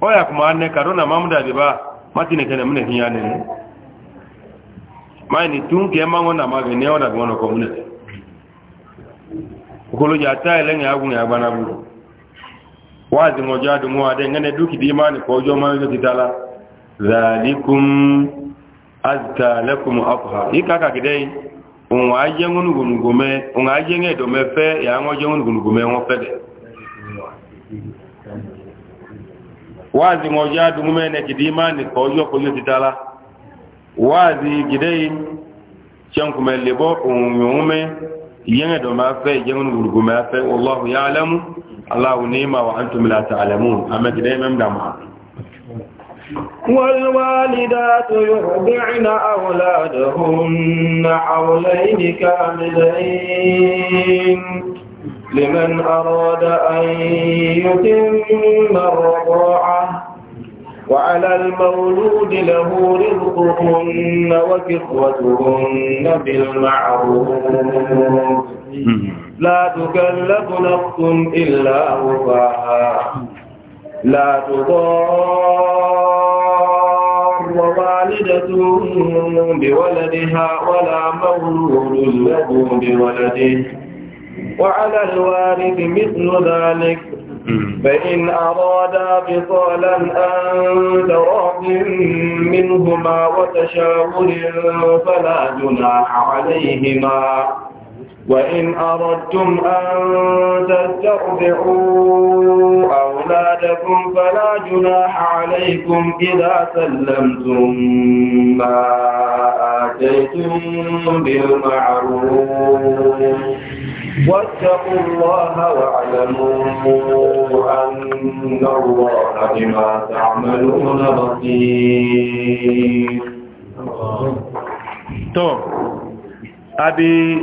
oya kuma anne karona mamuda diba matine kene mune hinyane mani tunke mango na magene ona gono ko mune ukolo ja ta elenge agun ya bana bu wazi ngoja du mo ade ngene duki di mani ko jo mani kitala zalikum azka lakum afha ikaka gidei unwa aje ngunu gunu gome unwa aje ngedo mefe ya ngoje ngunu gunu gome ngo wazi moja dumene kidimani ko yo ko yo titala wazi gidei chanku melebo umume yenge do mafe yenge ngurgu mafe wallahu ya'lamu allah nima wa antum la ta'lamun يرضعن أولادهن حولين كاملين لمن أراد أن يتم الرضاعة وعلى المولود له رزقهن وكسوتهن بالمعروف لا تكلف نفس إلا وفاها لا تضار والدة بولدها ولا مولود له بولده وعلى الوارث مثل ذلك فإن أرادا بطالا أن تراض منهما وتشاور فلا جناح عليهما وإن أردتم أن تسترضعوا أولادكم فلا جناح عليكم إذا سلمتم ما آتيتم بالمعروف واتقوا الله واعلموا أن الله بما تعملون بصير. أبي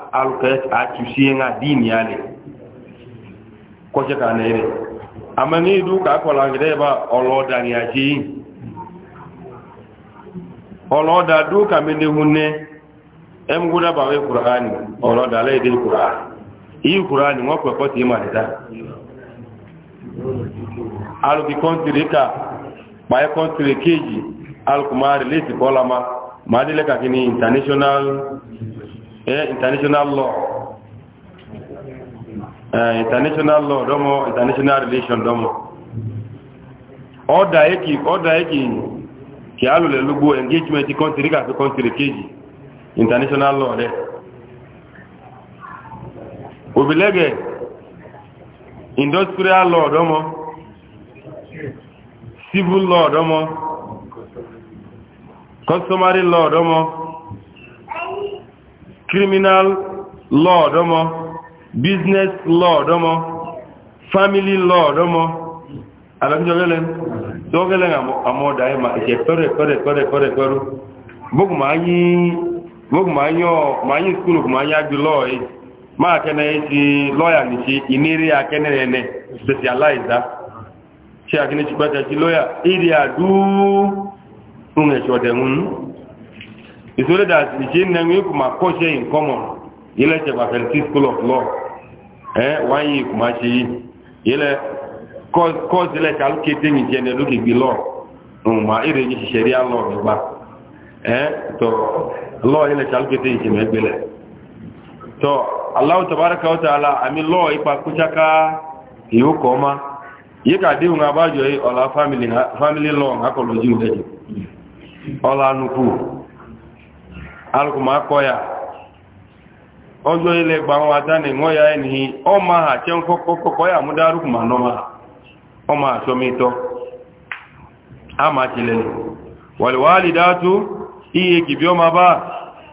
alukɛ a tusie ŋa diini ya le kɔtsɛ ka ne yɛrɛ ame ne du ka kɔla gɛrɛ ba ɔlɔdani ase yi ɔlɔda du kame ne ŋu nɛ ɛmugu daba be kurani ɔlɔda lɛ de kurani iyi kurani ŋɔ kpɛ kɔti ma de ta aluki kɔntiri ka kpaɛ kɔntiri keji alukuma relate kɔla ma maa de lɛ kakini international. eh international law eh international law domo international relation domo order eki order eki ki alu le lugu engagement country ka country keji international law le obilege industrial law domo civil law domo customary law domo criminal law domo business law domo family law domo alamjogelen dogelen amo dai ma je pere pere pere pere pere bogu ma yi bogu ma yo ma yi school ma ya bi law e ma kene ti e lawyer ni ti iniri akene e ne specializer ti akene ti pata ti lawyer area du unge chodenun It's only that na nà ń kò se in common ilẹ̀ ṣẹ̀gbà fẹ̀rẹ̀tì school of law eh wọ́n yìí Kuma máa ṣe ile ilẹ̀ kọ́ọ̀sì ilẹ̀ ṣàlù kété ní ìṣe law ọ̀hún mm, ma ire law eh, law ile ka kété ní ìṣe mẹ́gbẹ̀lẹ̀ tọ́ aláwọ̀ tàbárakà ami law ipa kúṣáká ìyókò ka di family law alụkụma akọ ya ọjọ ile gbanwa ada na enwe ya enyi ọma ha che nkọkọkọ ya amụda alụkụma nọma ọma achọmịtọ amachilele walwalidatu iye kibioma ba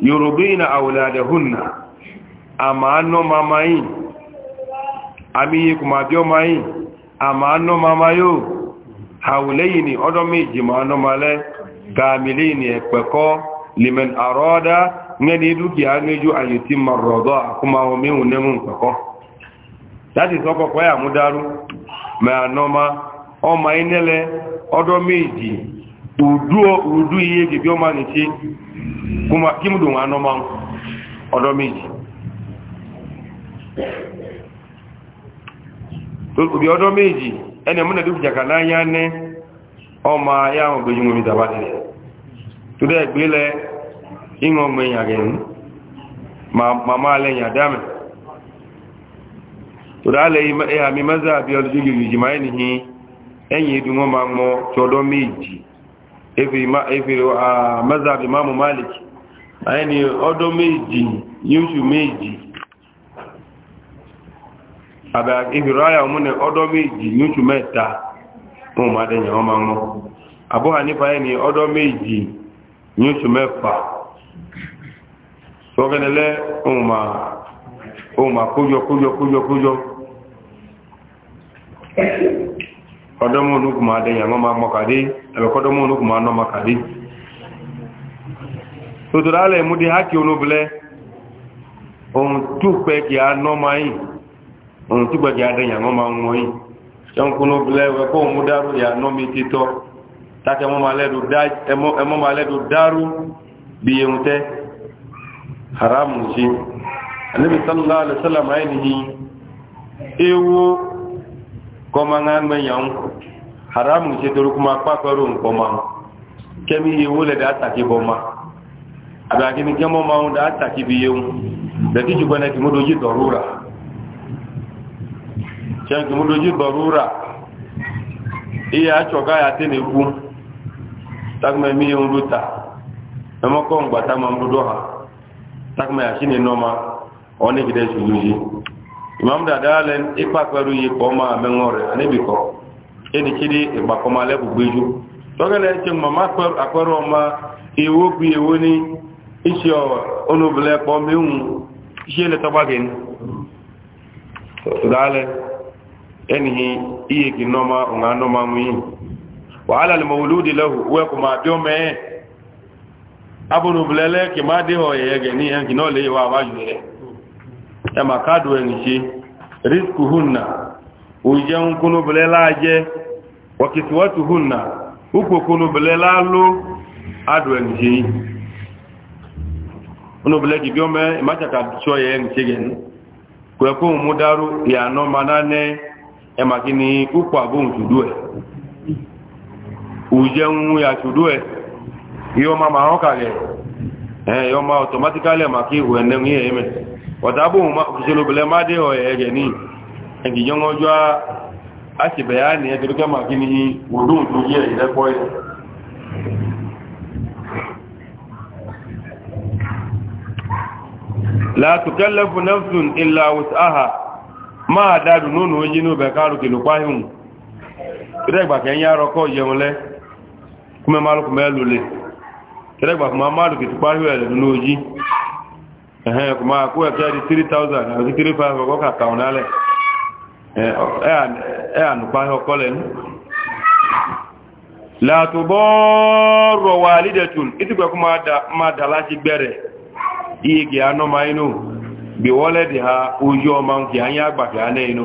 iye auladahunna ama anọ mamayi amiye kuma biomayi ama anọ ma anọ liman aroda ngani dukiya neju an yutimma arroda kuma o mi wune mun kako láti sọ kọ̀kọ́ yà mú dárú mẹ́ànọ́má ọmọ inẹ́lẹ̀ ọdọ́ méjì ùdú iye gẹ̀gẹ́ ọmọ ní ṣe kí mú dùn ànọ́má ọdọ́ méjì òbí méjì ẹni múnà dúkìjàkà náà yá ní ọmọ ayáwọn gbẹjúmọ̀ mi tàbátìlẹ̀ tude gbele ingo menya gen ma mama le nya dame tuda le ima e ami maza bi olu juju juju maini hi enyi dungo ma mo chodo meji efi ma a maza bi mamu malik aini odo meji yushu meji aba meji yushu meta mo ma nya hanifa ní oṣù mẹ́fà tọ́gẹ́nẹ́lẹ́ ohun ma kójọ kójọ kójọ kójọ ọdọ́mọ́ onúkù máa dẹ̀yà wọ́n máa mọ́kàdé ẹ̀lọ́kọ́dọ́mọ́ onúkù máa a nọ́ a dẹ̀yà wọ́n máa wọ́n yìí láti ẹmọ́ ma lẹ́dù dárú bí i ẹ̀hùn tẹ́ haramun ṣe alẹ́bí sallallahu alaihi wasallam ainihi ewu kọma ńgbẹ̀yàn haramun ṣe torí kuma pápẹ́rò nǹkan ma kẹ́mí ewu lẹ́dà àtàkì bọ́ ma àbíkí ni kẹ́mọ́ ma ń da àtàkì bí ewu lẹ́tí jù gbọ́nà kí mú dojú dọ̀rúra kí mú dojú dọ̀rúra iya achọga ya te na takuma mi yɛn do ta ɛmɛ ma ha takuma yasi ni nɔma ɔne ki dɛ sugu yi imam dada lɛ ikpa kpɛru yi kɔ ma mɛ ŋɔ ale bi kɔ ɛni di ikpa lɛ ma akpɛru bi ni isi ɔ kpɔ mi ŋu isi tɔgba dada lɛ ɛni iye ki nɔma nɔma wàhálà lè mọ̀wòlúdì lẹ́hù wẹ́ kò máa bí ó mẹ́ kì máa dé ọ̀yẹ̀ ẹgẹ̀ ní ẹnkì náà lè wà ma káàdù ẹni ṣe rísíkù hùnà òjẹun kúnúbulẹ́lá jẹ́ wọ̀kìtìwọ́tù hùnà púpò kúnúbulẹ́lá ló adù ẹni ujenwu ya chudue hiyo mama hokage eh yo ma automatically maki huende ma kujelo bele made o yege ni ngi jongo jwa achi bayani ya e, kiruka makini wudu tuje ile ni la tukallafu nafsun illa wus'aha ma dadu nunu yinu kuma malu kuma ya lule kere gba kuma malu ki tukpari wa lulu oji ehe kuma ku ya kari 3000 abi 35 ko ka tauna le eh eh anu pa ho kole ni la tubarru walidatun itigba kuma ane inu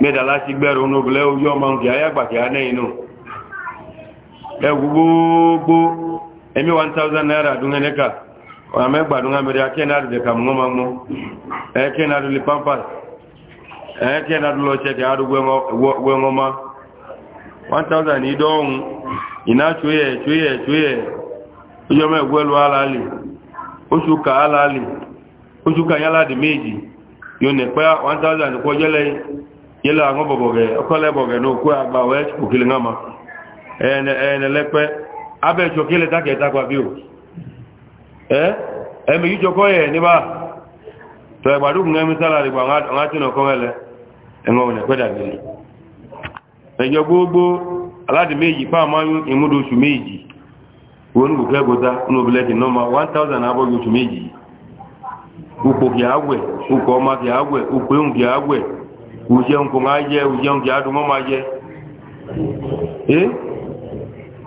mẹ́dàlá ti gbẹ̀rún ní obìnrin ojú ọmọ òkè ayágbàkẹ́ anẹ́ inú ẹ̀wù gbogbo ẹ̀mí 1000 naira dún ẹnẹ́ka ọ̀nà mẹ́gbàdún amẹ́rẹ́ akẹ́nàdù dẹ̀ka mọ́ ma lè pampas ẹ̀kẹ́nàdù lọ ṣẹ̀kẹ́ àdúgbò ẹ̀wọ̀n ma 1000 ní dọ́ọ̀hún ìná ṣóyẹ̀ ṣóyẹ̀ ṣóyẹ̀ ojú ọmọ ẹ̀gbọ́ ẹlú alálì oṣù ka alálì oṣù ka yálàdì méjì yóò nẹ̀ pẹ́ 1000 kọ́ yẹ́lẹ̀ yẹ́lẹ̀ àwọn bọ̀bọ̀ rẹ̀ ọkọ́lẹ̀ bọ̀rẹ̀ àgbà wẹ́ òkèlè náà ẹ̀ẹ̀lẹ́pẹ́ abẹ́jọ kí lẹ́ta kẹta gbàbí o ẹ́ ẹ̀mì yíjọ kọ́ yẹ̀ níbà tọ́ ẹgbàdúkùn ẹ̀mí sálàrí gbà wọ́n á tí náà kọ́ mẹ́lẹ̀ ẹ̀wọ̀n ònà pẹ́dà gẹ̀rẹ̀ gbogbo aládì méjì oṣù méjì wọn ní obìnrin oṣù méjì kì ọma kì kì kò jẹ kì á dùn mọ́ jẹ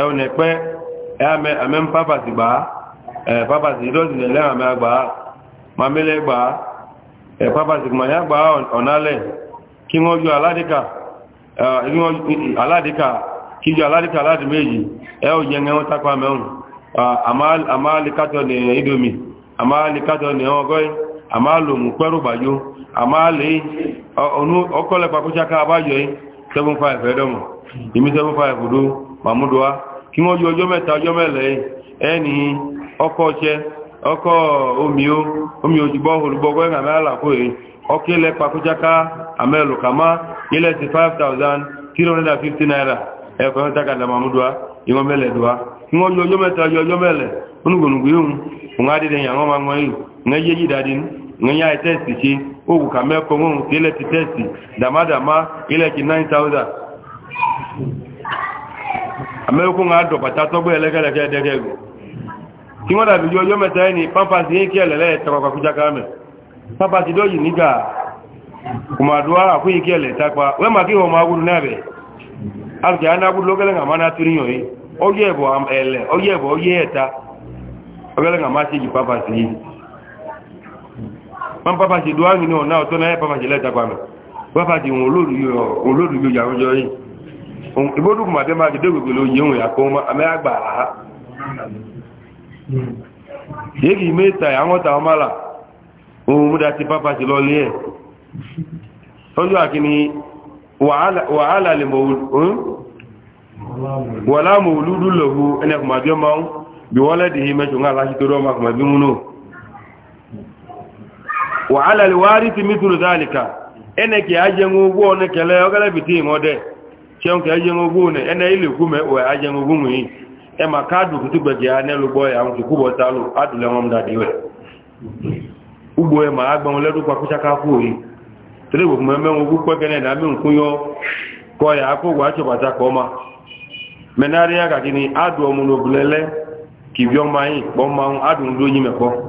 ẹ̀wọ̀n ẹ̀pẹ́ ẹ̀mẹ́ pápásì gbà á pápásì ìdọ́sìn ẹ̀lẹ́ àmẹ́ àgbà á mamẹ́lẹ́ gbà á pápásì gbàyà gbà á kí wọ́n ju aládìkà kí ju aládìkà aládì méjì ẹ̀wọ̀n yẹn ẹ̀wọ̀n tápá mẹ́wọ̀n àmàlìkàtọ̀ ní ìdomi àmàlìkàtọ̀ ní ọgọ́yìn àmàlòmù pẹ́rù gbàjó àmàlè ọkọ̀lẹ̀ yìí seven five ẹ̀dọ́mù ìmí seven five ló mahmudu kí wọ́n ju ọjọ́ mẹ́ta ọjọ́ mẹ́lẹ̀ ẹni ọkọ̀ ọṣẹ ọkọ̀ omi o omi òjìbọ́ olùgbọ́gbọ́ ẹ̀hàn mẹ́àlàkó yìí ọkẹ́ ilẹ̀ pàkójáká amẹ́lù kàmá ilẹ̀ ti five thousand three hundred and fifty naira mẹ́lẹ̀ kí wọ́n ju ọjọ́ mẹ́ta ọjọ́ mẹ́lẹ̀ yìí ŋunya ye tɛsi si o wù kàmɛ kɔŋɔ ilẹ ti tɛsi damadama ilẹ ti nine thousand amẹ́kún ŋa dọ̀ bàtà tọ́gbọ́ ẹlẹ́gẹ́lẹ́gẹ́ dẹ́gẹ́gẹ́ tí wọ́n dàbí yọjọ́ mẹ́ta ẹ̀ ní pampasi yín kí ẹlẹ́lẹ́ tọrọkọ fújaka mẹ́ pampasi dọ́yìn nígbà kùmàdùá àkúyìn kí ẹlẹ́ takpa wẹ́n mà kí ọmọ agudu náà bẹ̀ alùpùpù yà ń agudu lọ́gẹ́lẹ́ ŋà má ná turi yàn yìí ọyẹ́ ẹ̀bọ̀ ẹ̀lẹ́ ọyẹ́ ẹ̀bọ̀ ọyẹ́ ẹ̀ta ọgẹ́lẹ́ ŋà má ṣe jù pampasi yìí man papa ti do angi no na to na papa ti leta kwa me papa ti won oloru yo ma ọ ma de gbegbe lo ya ko ma ha hmm. yegi ta o mala ti papa ti lo le e ojo ala wa ala ma وعلى الوارث مثل ذلك انك اجن غو انك لا غلا بيتي مودي شون كاجن غو ان انا يلي كومه و اجن غو مي اما كادو كتبجي انا لو بوي a كوبو تالو ادله مام دادي وي ugbo e ma agbon ledu pa kuchaka ku yi tere bo me me ogu pe kene na mi nkun yo ko ya ko wa cho bata ko ma menari ya ka kini adu omulo bulele ki bi o ma yin bo ma un adu ndo yin me ko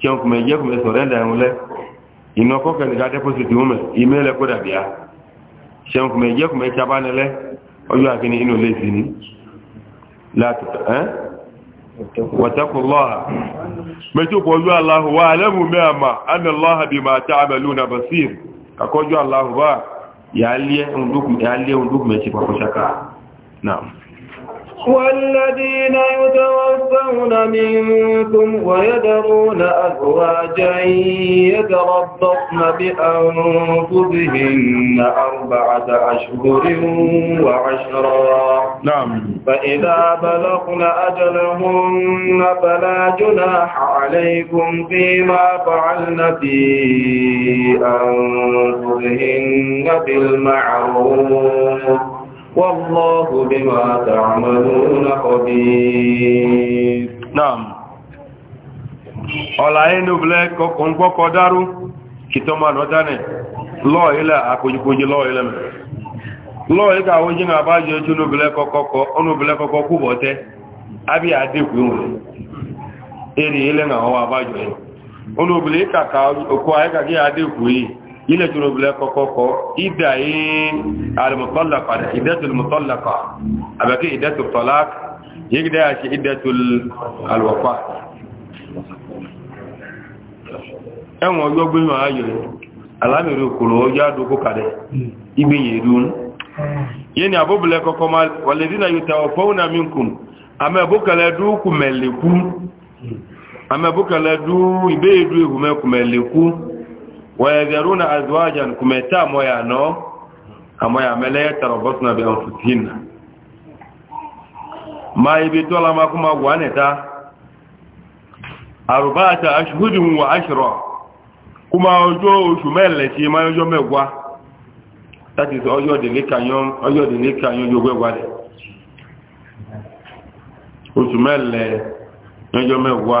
tiɲɛ kun bɛ jɛ kun bɛ sɔrɔ da ŋun lɛ inɔ kɔ kɛ nin ka deposit ŋun mɛ ime lɛ ko dabi a tiɲɛ kun bɛ jɛ kun bɛ caba ne lɛ ɔyɔ akini inu le fini la ɛn wɔtɛku lɔha mɛtɛ kɔ ɔyɔ alahu wa والذين يتوفون منكم ويذرون أزواجا يتربطن بأنفسهن أربعة أشهر وعشرا نعم فإذا بلغن أجلهن فلا جناح عليكم فيما فعلن في أنفسهن بالمعروف والله بما تعملون خبير نعم ọ̀la inú blẹ́ kọ̀ǹgbọ́kọ̀ dárú kìtọ́ máa lọ dáné lọ́ọ̀ ilẹ̀ àkójúkójú lọ́ọ̀ ilẹ̀ mẹ́ lọ́ọ̀ ilẹ̀ àwọn jíǹ àbájọ ojú onúbìlẹ̀ kọ́kọ́ kúbọ̀ tẹ́ àdékù yine tunu bile koko ko ida yi al mutallaqa da idatul mutallaqa abaki idatul talaq yigda ya shi idatul al wafa en wo gbogbo ma ayo alamiru kulo ya do ko kade igbe yedun yeni abobule koko ma walidina yutawaffawna minkum ama bukala du kumeliku ويذرون أزواجا كميتا مويا نو أمويا ملايا تربصنا بأنفسهن ما يبيتو لما كما وانتا أربعة أشهد وعشرة كما أجو شمال ما يجو ميقوا that is ọjọ́ ìdílé kanyọ́n ọjọ́ ìdílé kanyọ́n yóò gbẹ́gbà rẹ̀ oṣù mẹ́lẹ̀ ẹjọ́ mẹ́wàá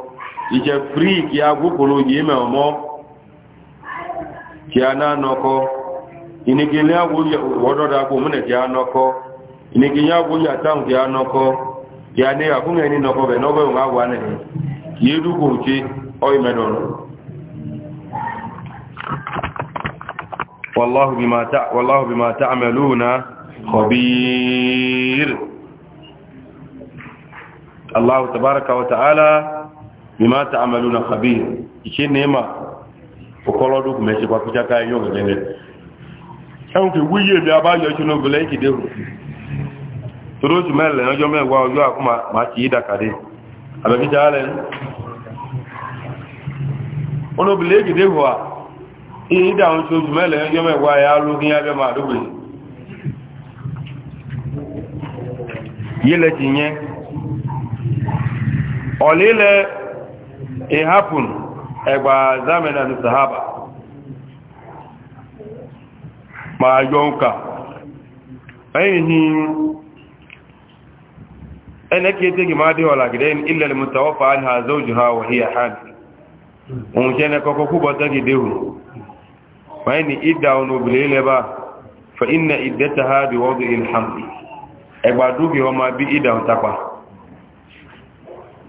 ìjẹ fírí kí a gbókòrò yìí mẹ́ ọmọ kí a náà nọkọ ìnigilé wọ́dọ́dàgbò múnẹ̀ kí a nọkọ ìnigilé agbóyà táwọn kí a nọkọ kí a ní àkúnrẹ̀ ní nọkọ bẹ̀ nọ́bẹ̀ òun àwà nẹ̀ kí é dúkò tí ọyí mẹ́dọ̀rọ̀ wallahu bima tabaraka wa ta'ala bima ta amalu na kabir ishe nema kokolo du kuma ishe kwakwuta nwere yau ga fi wúyè bí a bá yọ ṣúná ìkìdé hù tóró mẹ́lẹ̀ ọjọ́ mẹ́wàá ti yí dàkàdé alẹ́ ìkìdé ní abẹ́ it happened ẹgbà zamina ni sahaba ma yọ ń ka ainihin ẹnẹ́kẹ́ tẹ́gì máa dé ọ̀làgìdẹ́ ilẹ̀ mutawafa an ha zauji ha wà híyà hàn ohun ṣe ẹnẹ́kọ́kọ́ kúbọ̀ tẹ́gì déhù ma yìí ni ìdá ọ̀nà obìnrin ilẹ̀ bá fa inna ìdẹ́ta ha bí wọ́n bí ilhamdi ẹgbà dúbì ọmọ bí ìdá ọ̀tapa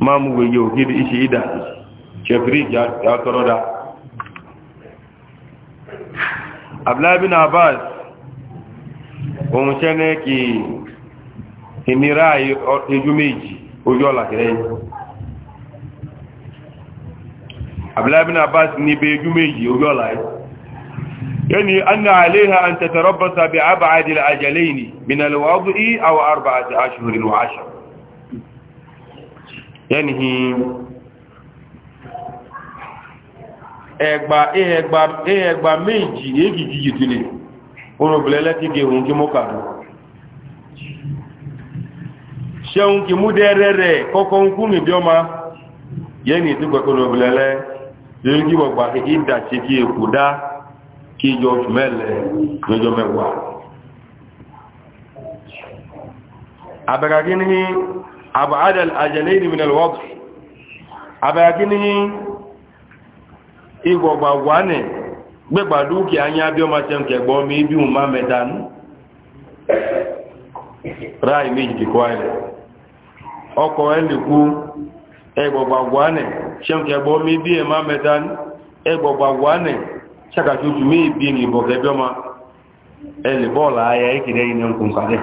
mamu weje okidi ishi ida chefriji atoroda abdullahi bin abbas ohun sene ki imira eju meji ojú ọ̀làkẹ́rẹ́ abdullahi bin abbas ni be eju meji ojú ọ̀làkẹ́rẹ́ e. yani anna alaiha an tatarabbasa bi ab'ad al-ajalin min al-wad'i aw arba'ati ashhurin wa 'ashra yanihi ẹgba ẹgba ẹgba méjì èkìkì jìtìlẹ̀ oròbìnrin lẹ́tìgẹ̀ ohun kí mọ́ kàdù ṣeun kí mú dẹ́rẹ́ rẹ̀ kọ́kọ́ ń kún nìbí yẹni ìtúgbẹ̀kọ́ oròbìnrin lẹ́ lórí kí wọ́n kí dá kí mẹ́lẹ̀ lọ́jọ́ أبعد الأجلين من الوضع أبعكنه إغوغا واني gbẹ́gbàdú kí a ń yá bí ọmọ ṣe ń kẹgbọ́ mi bí ọmọ mẹ́dánú ráì méjì kíkọ́ ẹ̀rẹ̀ ọkọ̀ ẹ̀lẹ́kú ẹgbọ̀gbàgbọ́nẹ̀ ṣe ń kẹgbọ́ mi bí ẹmọ mẹ́dánú ẹgbọ̀gbàgbọ́nẹ̀ ṣàkàtútù mí bí ìbọ̀kẹ́bíọ́mọ ẹ̀lẹ́bọ́ọ̀lá ayẹ́ ìkìlẹ̀ ìnẹ̀kùnkàdẹ̀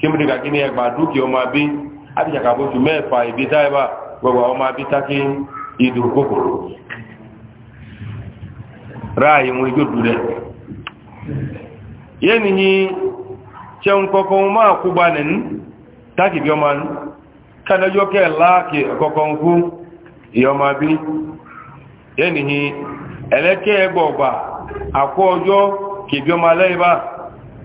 kímìtì kàkí ní ẹgbà dúkìá ọmọ abí àbíjàkà bóṣù mẹ́fà ibi táyébà gbogbo ọmọ abí tákì ìdù kòkòrò ráàyè wọn ijó dúró dẹ yẹn nìyí ṣẹun kọkàn máa kú bá nẹni tákì bí ọmọ nù kú ìyọmọ abí ẹlẹ́kẹ́ àkọ́ ọjọ́ ọmọ alẹ́ ibà.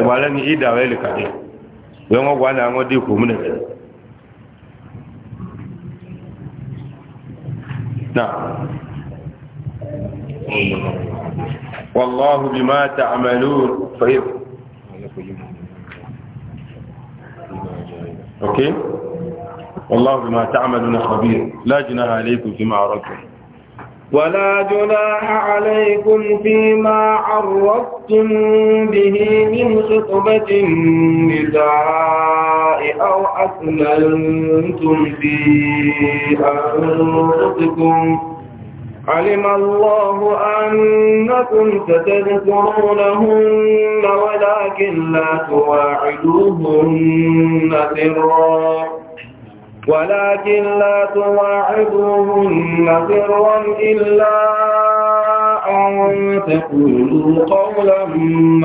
ẹgbàlẹ́ ni ìdàwọ̀ ẹ̀lì kàdé wọ́n wọ́n wà ní àwọn dé kò múnẹ̀ bẹ̀rẹ̀ náà wàláhù bí máa ta àmàlú fẹ́yẹ̀ ok wàláhù bí máa ta àmàlú na khabir lájìnà àlékù fi máa rọ́kùn ولا جناح عليكم فيما عرضتم به من خطبة النساء أو أكملتم في أنفسكم علم الله أنكم ستذكرونهن ولكن لا تواعدوهن سرا ولكن لا تواعدوهن سرا إلا أن تقولوا قولا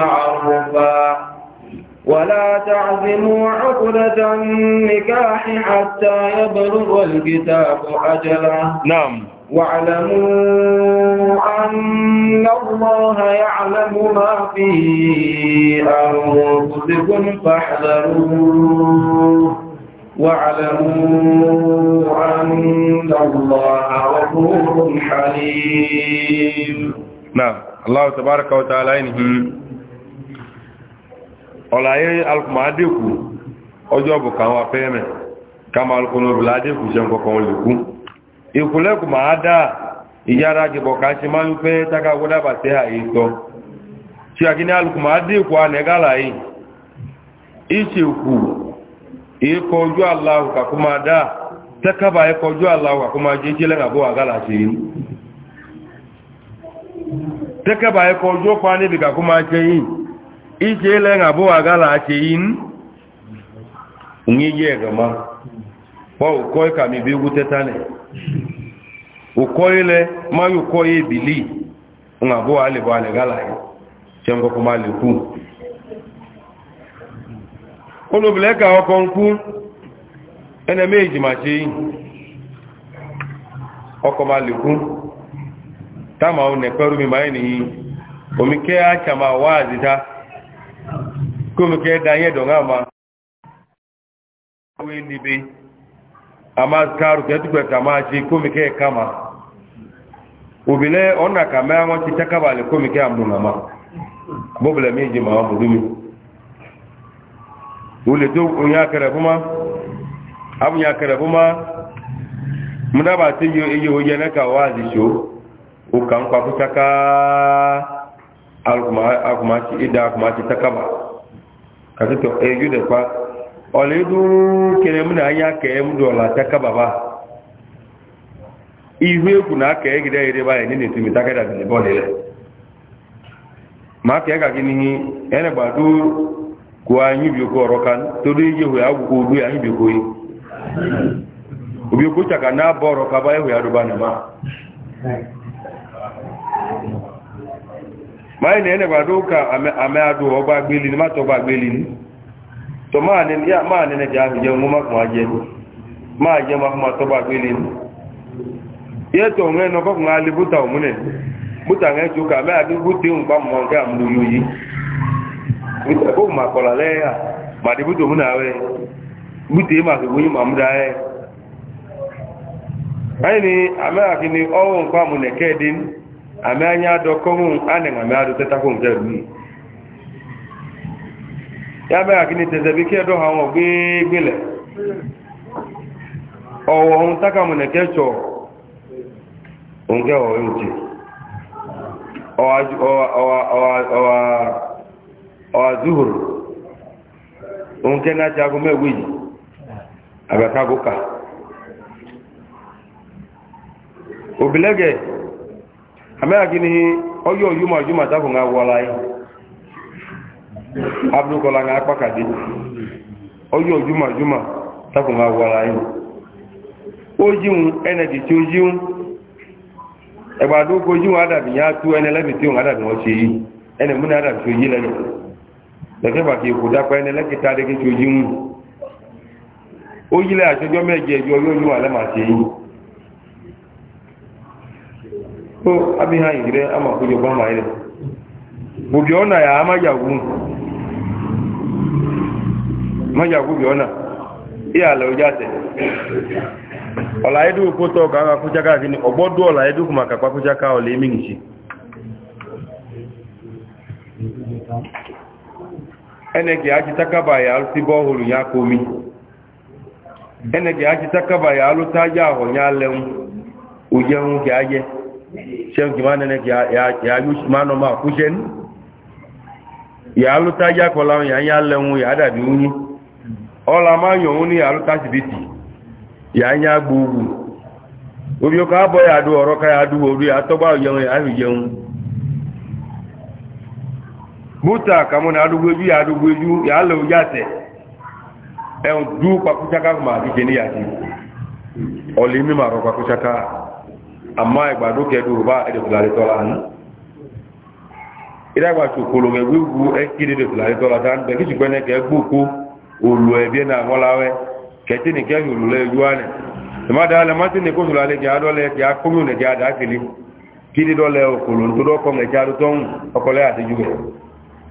معروفا ولا تعزموا عقدة النكاح حتى يبلغ الكتاب أجله نعم واعلموا أن الله يعلم ما في أنفسكم فاحذروه واعلموا أن الله غفور حليم نعم الله تبارك وتعالى إنهم ọ̀láyé alùkùnmáàdékù ọjọ́ ọ̀bùkà wọn fẹ́ẹ̀mẹ̀ kama alùkùnmáàdékù ṣe nǹkan olùkú ìkùnlẹ́kù máa dá ìyára gẹ̀bọ̀ká ṣe máa ń fẹ́ tága wọ́dábà tẹ́ àyíkọ́ ṣe àkíní alùkùnmáàdékù ìkọjú aláwọ̀ kàkó máa dáa tẹ́kàbà ìkọjú aláwọ̀ kàkó máa jẹ́ jílẹ̀ àbó àgálà ṣe yìí tẹ́kàbà ìkọjú pa níbi kàkó máa jẹ́ yìí ìṣe ilẹ̀ àbó àgálà ṣe yìí ń olóbìnrin ẹ̀ka ọkọ̀ ń kú ẹnẹ méjì máa ṣe ọkọ̀ máa lè kú táàmà ọ̀nà ẹ̀pẹ́rú mi máa nìyí omi kẹ́ àṣàmà wá àzíta kí omi kẹ́ da yẹ́ dọ̀gá ma wé níbi a máa kárù kẹ́tùgbẹ̀ta máa ṣe kí omi kẹ́ ẹ̀ka ma obìnrin ọ̀nà kàmẹ́ àwọn ti tákàbà kí omi kẹ́ àmúnà ma bóbulẹ̀ méjì máa mú uleto onye akara buma abunye akara buma muna ba ti yo eyo oye na ka wa di so o kan kwa ku taka alkuma akuma ti ida akuma ti takaba ka ti to eyo eh, de pa ole kere muna ya ka em do la takaba ba ihu eku na aka egide ire ba ni ni tumi takada bi bo le ma ka ga gini ene ba du kò anyi bioko ọ̀rọ̀ kan torí yehu agbogbo ogbé anyi bioko yi obioko chaka na bọ ọ̀rọ̀ kaba ehu aduba na ma mayi na ka amẹ adu ọgbà gbélé ni má tọgbà gbélé ni tọ máa nínú yá máa nínú ẹjẹ ahùjẹ mú má kùn ni yẹ tọ ń ẹnu ọkọ kùn ko ma kɔla lɛ ya ma de buto muna ma ke wonyi ma muda yɛ e. ayi ni ame akini ɔwɔ nkɔ amu nɛ kɛ din ame anya dɔ kɔmu anɛ ame ado tɛta ko nkɛ bi kɛ dɔ hã wɔ gbɛɛgbɛ lɛ ɔwɔ ntaka mu nɛ kɛ tsɔ ọ̀zuhùrù òun kẹ́ náà ti agun mẹ́wé yìí àgbàtàgùkà òbílẹ́gẹ̀ àmẹ́yàkí ni ọyọ́ yúmọ̀ yúmọ̀ táfùn náà yìí abúrúkọlá náà pàkàdé ọyọ́ yúmọ̀ yúmọ̀ táfùn náà yìí ó jíun ẹnẹ̀dì tí ó jíun adàbìyàn tó tí adàbìyàn ṣe yìí lẹ́nu lẹ́kẹ́ bàtí ìkòdá pẹ́ ní lẹ́kẹta rẹ̀ kéṣe ojú mú ó yílẹ̀ àṣẹjọ́ mẹ́jẹ ẹjọ́ yóò yíwà lẹ́màṣẹ́ yìí tó abíhá ìrẹ́ àmàkójọ bá máa rẹ̀ gbòbí ọ̀nà yà á májàgún májàgún bí ọ̀nà bí àlẹ́ ojú àtẹ̀ enege ajitakaba ya alụsibe ọhụrụ ya komi enege ajitakaba ya ya lenwu ujenwu ga aje shenki ma ya ayushimano ma kwushen ya alụta aja ya ya lenwu ya adabi ọla ma yọnwu ni ya alụta sibiti ya anya agba obi ya adụ ọrọ ka ya du ya atọgba ujenwu ya ahụ ujenwu múta kàmọ́ ní adúgbójú ya adúgbójú yà á lọ́wọ́ yàtẹ̀ ẹ̀hùn dú pàkúṣáká kùmà àdíje ní yàtí ọ̀lẹ́ mímọ̀ rọ pàkúṣáká àmá ìgbàdókẹ́dù bá ẹ̀dẹ̀fìlàrítọ́lá ní ìdágbàtò kòlòmẹ̀gbégú ẹkìdì ẹ̀dẹ̀fìlàrítọ́lá dáńbẹ̀ kí ṣùgbẹ́nẹ́kẹ́ gbòkó òlò ẹ̀bí náà wọ́láwẹ́ kẹtí ní kẹ́yìn òlò lẹ́yọ́ ànẹ̀ ìmádàálẹ̀ mátí ní kóṣùlá lẹ́kẹ́ adọ́lẹ́ kẹ́ akómìnà kẹ́ adá kìlí kí dídọ́lẹ̀ òkòlò tó dọ́kọ́ mẹ́kẹ́ adótọ́hùn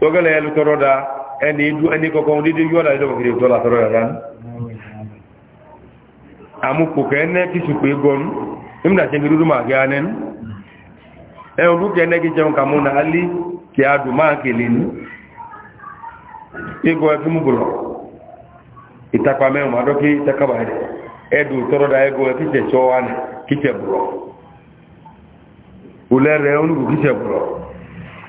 togale el toroda eni du eni ko ko ni di yola do ko do la toroda dan amu ko kenne ki su pe gon imna je ni ruma ga nen e o du kenne ki jom kamuna ali ki adu ma ke lin ki go ki mu bro ita pa me ma do ki ta ka ba ni e du toroda e go ki te cho an ki te bro ulere onu ki te bro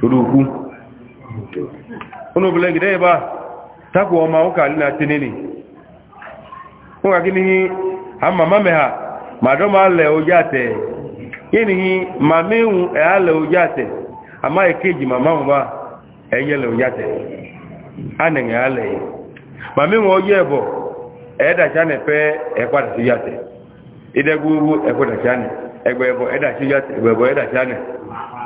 toro ukwu ụnụ obele gide ebe a takwa ọma ụka alị na tinili ụka gị n'ihi ama mame ha ma dọma alẹ oje ate gị n'ihi ma menwu e alẹ oje ate ama ekeji ma mamụ ba eyele ate a na-enye alẹ ma menwu oje ebo ẹdacha e na epe ekwadasi oje ate idegwu ugwu ekwadasi egbe ebo ya e ate egbe ebo ya na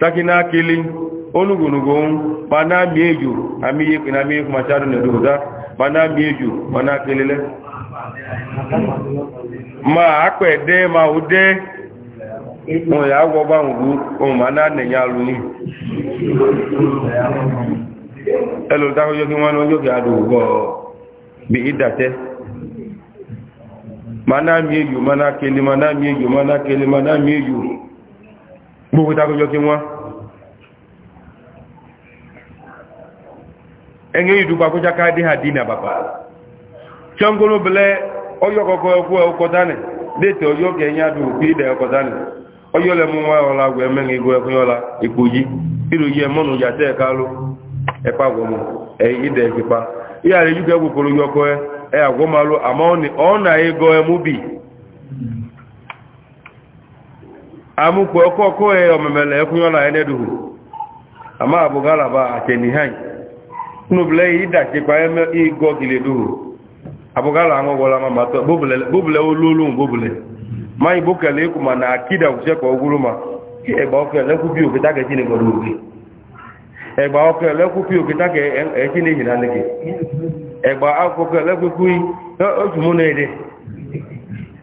taki na akili onugunugun mana mi eju ami ye na mi kuma charu ne duda mana mi eju mana akilele ma akwe de ma ude mo ya wo ba ngu o mana ne ya lu ni elo ta yo ki wanu yo ki adu go bi idate mana mi eju mana akili mana mi eju mana akili mana mi gbogbo ìdágójọ́ kí wọ́n ẹ̀yẹ́ ìdúgbà kó jáká dé àdínà bàbá ṣọ́ngúnú bẹ̀lẹ̀ ọyọ́ kọ̀kọ́ ẹkú ọkọ̀dánẹ̀ lẹ́tẹ̀ ọyọ́ kẹ̀yìn àdúgbò pé ìdẹ̀ ọkọ̀dánẹ̀ ọyọ́ lẹ́mú wá ọlá wẹ̀ mẹ́rin igbó ẹkún yọ́la amukwe ọkọọkọ ya omemele ekwunyola ya na neduhu ama abụ abugalaba atenihan nubule idachekwa eme igo gile duhu abugala angwogwala ma mato bubule bubule olulu bubule mai bukele ikuma na akida kuse kwa oguruma egba ofe leku bi okita ke chini godu obi egba ofe leku bi okita ke e, e chini hinanike egba ofe leku otu mụ na ede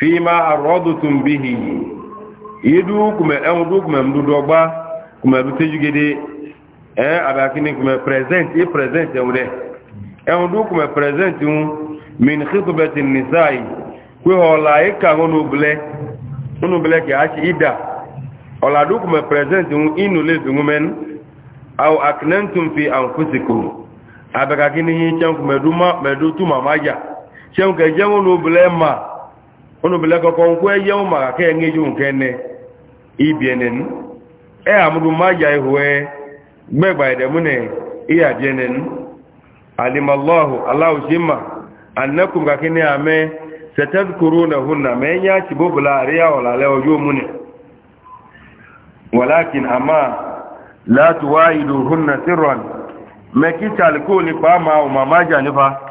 fima arọ́dùtùn bihi idu kùmẹ̀ ẹ̀hùn dú kùmẹ̀ mdúdú ọgbá kùmẹ̀ dú tẹ́jú gẹ́dẹ́ e, ẹ̀ àbákíní kùmẹ̀ present i present ẹ̀hùn rẹ̀ ẹ̀hùn dú kùmẹ̀ present ń min xitubẹ̀tì nìsáì pé ọ̀la ìka ọ̀nà obìlẹ̀ kì á ṣe ìdà ọ̀la dú kùmẹ̀ present ń inú lè dùn mẹ́n àwọn akínẹ́ntùn fi àwọn fúsìkò àbákíní yín ṣẹ́hùn kùmẹ̀ dú túmọ̀ máa yà ṣẹ́hùn kẹ̀ jẹ́ ọ̀nà obìlẹ̀ máa onubile kọkọ nkwu eye ụmụ aka enyeju nke ne ibienen e amuru iya bienen alimallahu allahu shima annakum ka ame satadkuruna hunna ma enya chibo bulari ya olale ojo walakin ama la tuwaidu hunna sirran mekita alkuli pa ma umamaja nifa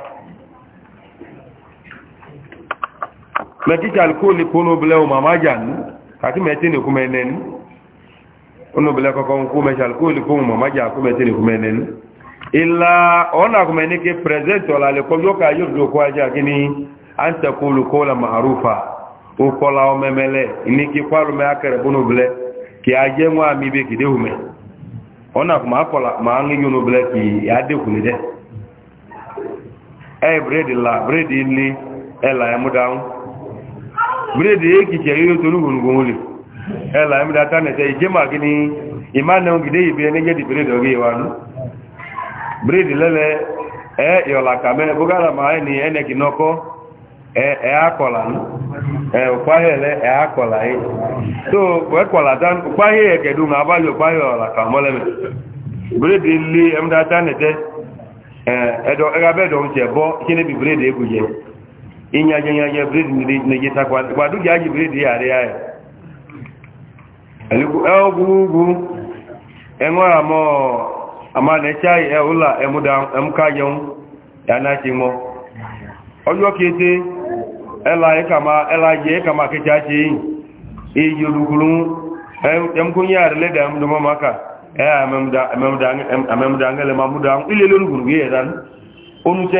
mɛtitsi alikoli kó n'obilɛ o mama dza nu kati mɛtsi ne kumɛ nɛni onobilɛ kɔkɔ ŋku mɛtsi alikoli kó o mama dza kó mɛtsi ne kumɛ nɛni ila ɔna kumɛ ne ke pɛrɛsɛnti ɔla le kɔjɔ ka yɔ do kó ni kini anta kólu kó la maharufa o kɔla o mɛmɛ lɛ ne ke kó alumɛ akɛrɛ kó n'obilɛ kì adze ŋu ami be kì de o mɛ ɔna kuma akɔla ma aŋe yɔ bredi la bredi ni ɛla yɛ mu da biredi ye kìí ṣẹ̀yí ló torí gbogbo lè ẹ̀là ẹ̀mìdá kánẹ̀tẹ̀ ìjẹ́mà kí ni ìmánẹ̀un gìdé ìbẹ̀rẹ̀ ní jẹ́dì biredi ọgẹ́ ìwánu biredi lẹ́lẹ̀ ẹ̀ ìọ̀làkà mẹ́ bókàrà máa ẹni ẹnẹ̀kì nọ́kọ́ ẹ̀ akọ̀là ẹ̀ òpáyẹ̀ lẹ́ ẹ̀ akọ̀là yìí tó ẹ̀kọ̀là tán òpáyẹ̀ ẹ̀kẹ̀dùn àbájọ òpáyẹ̀ ọ̀làkà mọ́lẹ́mẹ̀ biredi lé ẹ̀mìdá inyaje inyaje bread nejeta kwa kwa duki aji bread ya re ya aliku egugu enwa amo ama ne chai e ula emuda na yana chimo ojo kete ela eh, e eh, kama ela eh, je kama ke chachi e yodugulu em kunya re le dam do e ngale ile ye dan onu che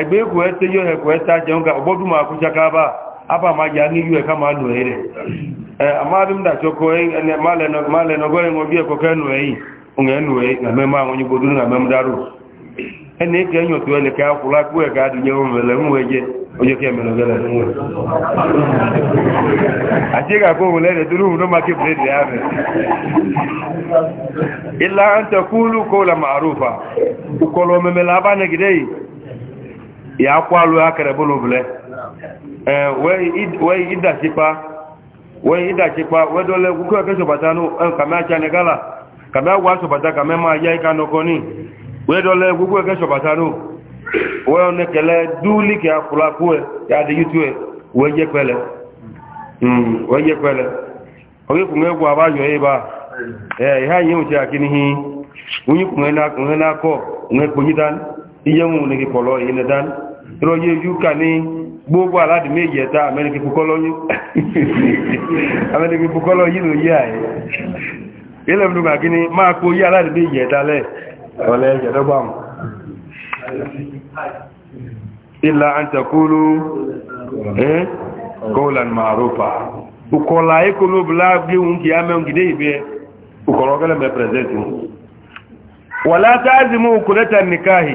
ẹgbẹ́ ikú ẹ tẹ́jọ́ ẹ̀kọ́ ẹ tá ga ọgbọ́dún máa kú ṣakábá ápá máa yà ní us ká máa nù ẹ̀ rẹ̀ ẹ àmàdúndàṣọ́kọ́ málẹ̀nọgọ́rin ọgbí ẹ̀kọ́ kẹ́ nù ẹ̀yìn òun ẹ̀ nù ẹ̀ àmẹ́má àwọn onígbòdún ní àmẹ́múdárò ẹni ẹ̀kẹ́ ẹ̀yàn tó ẹni ká kúrá kú ẹ̀ká àdúgbò ohun ẹ̀lẹ̀ kó máa la yìí ya kwalu akara bulu bule eh we we ida chipa we ida chipa we dole kuko ke so batanu e, kama cha ne gala kama wa so bata kama ma ya ika no koni we dole kuko ke so batanu we ne kele duli ke akula kuwe ya de yutue we je pele mm we je pele oye kunwe kwa ba yo eba eh ha yin uchi akini hi unyi kunwe na kunwe na ko unwe kunyidan iye ne ki polo rọyé yúkà ní gbogbo aláàdì méjì ẹ̀ta amẹ́ríkì púpọ́lọ́ yìí ló yí àyè ilẹ̀ ìlú gbàgí ni máa kó yí aláàdì méjì ẹ̀ta lẹ́ ọ̀lẹ́ ìjẹ̀dọ́gbàmù ilẹ̀ àǹtẹ̀kúrú kọ́ọ̀lán màrúfà ukọ̀lá ekolóbìlá gbéhùn kí á mẹ́un gidé ìbẹ́ ukọ̀rọ̀gẹ́lẹ̀ mẹ́ pẹ̀rẹ̀sẹ̀tì wà látàázimú kùrẹ́tà nìkáhì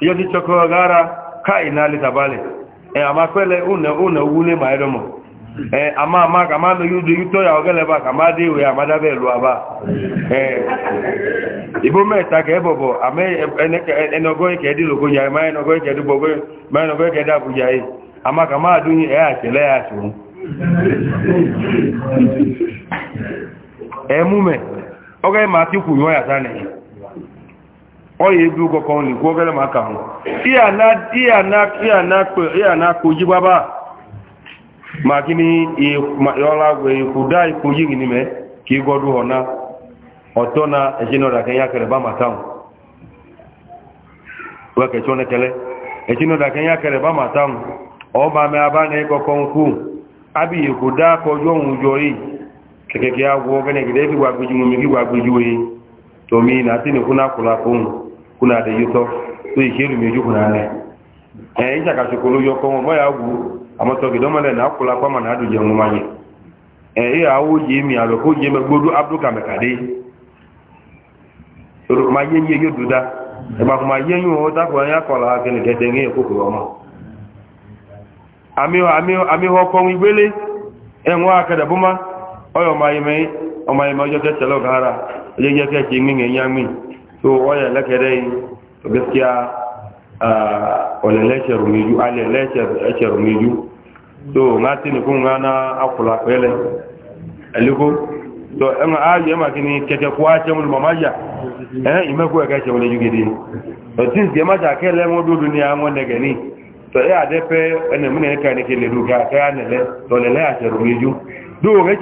iyo ti choko gara kai na le tabale e ama pele una una wule ma edomo e ama ama kama no yudu yuto ya ogele ba kama de we ama da be lu aba e ibo meta ke bobo ame ene ene ogo ke di logo ya ma ene ogo ke di bogo ma ene ogo ke da bu ya yi ama kama aduni e, e a onye ebi ụgwọ ka ọ na-ekwu ogere ahụ ihe na-akpụji gbaba ma gịnị ọla kwụda ikpụji gị n'ime ka ị gọdụ ọ na ọtọ na ezinụlọ ka ya kere ba mata ekele ezinụlọ ka kere ba mata ọba me aba na ịkọkọ nkwụ abịghị kwụda ka ọjọọ nwụjọ yi keke ya gwụ ogene gide gị gwagbuji nwume gị gwagbuji oyi na ati ne kuna kuna da yuto to yake lu meju kuna ne eh ija ka ya gu amato na kula kwa ya e, e, mi alo ko abdu to ma ye ye yo duda e ma ma ye yo o ta ko ya ko la ke ni tete ngi ko ko ami ami ami ho e nwa ke telo gara je ke so wannan na a gaskiya a lecture rumeju alien lecture rumeju so na tini kun na akula kwele aliko so yan ayu ema kini keke kuwa ce mulu mamaja eh imekuwa kache mulu jugidi so since ema ta kele mo dudu ni amwe negeni so t'o adepe ene mune ka ni kele duka ka ne le so le le a do kun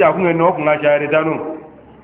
kun a cha re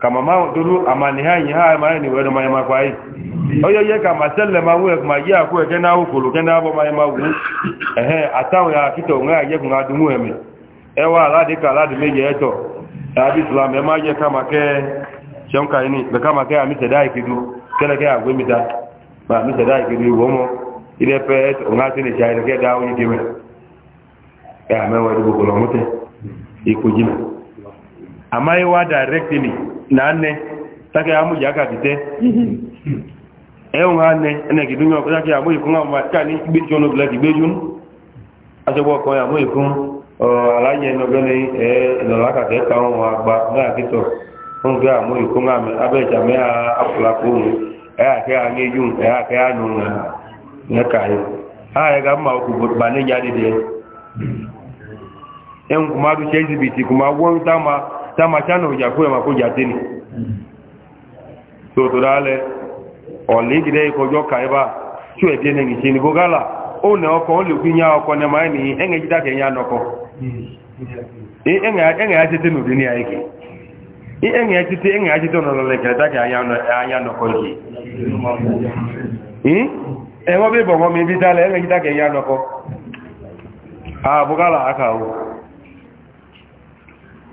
kama ma duru ama ni ha yi ha ma ni wedo ma ma kwai oyo ye kama selle ma we ma ya ku ke na ukulu ke na bo ma ma wu ehe atawo ya kito nga ye ku nga dumu eme ewa la de kala de meje eto abi islam e ma ye kama ke chonka ini be kama ke ami tedai kidu kele ke agwe mita ba mi tedai kidu wo mo ile pe nga ti e, ni chai ke dawo ni diwe ya me wa du ko lo mote ikujina amaye wa directly na nne take ya muji aka fite ẹ̀hùn ha nne ẹnẹ kìí dúnyọ ọkọ̀ take àmúyì fún àwọn àti ní gbé jọnù blake gbé jùn aṣọ́gbọ́ ọkọ̀ àmúyì fún aláyẹ ẹnọgbẹ́ni ẹ̀ẹ́dọ̀lákàtẹ́ káwọn àgbà náà kìtọ̀ fún gbé àmúyì fún àmì abẹ́jà mẹ́ha apùlapù ẹ̀hàkẹ́ àníyùn ẹ̀hàkẹ́ ànú nẹ́kàáyé ààyẹ̀gá mọ̀ ọkùnrin bà ní ìyá dìde ẹ̀hùn kùmá dùn ṣe tama chana ujakuwe makuja tini so tudale oligide ikojoka eba chue tiene ngichini bugala one oko oli ukinya oko ne maini enge jidake nyanoko e enge enge ajete no dini ya, e enge ajete enge ajete no lole kata ka anya no anya no ko yi e e wo be bo mi ah bugala aka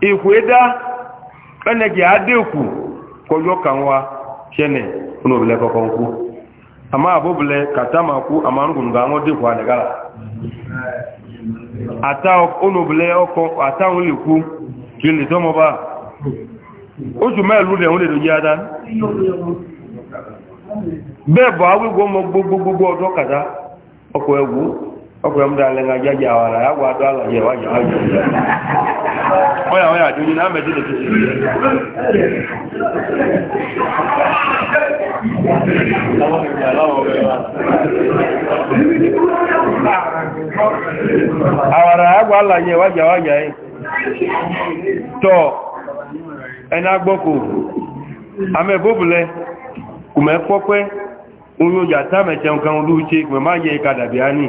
ikweda ene gi adekwu koyo kanwa chene no Kọkọ nkwụ ama abobule katama ku amangu ngango de kwa legala ata ono bele oko ata onliku jini tomo ba oju melu de ọkùnrin mú alẹ́ ńlá jẹ́jẹ́ àwọn ará yàwó adó àlàyé wájú àjò ọ̀yà ọ̀yà àjò yìí náà mẹ́jì lè fi ṣe àwọn ará yàwó àlàyé wájú àwájà yìí tọ́ ẹni agbọ́kò àmẹ́ bóbulẹ̀ kùmẹ́ pọ́pẹ́ oyójà táàmẹ̀tẹ̀ nǹkan olúwúṣe kùmẹ́ má yẹ ìkadàbíání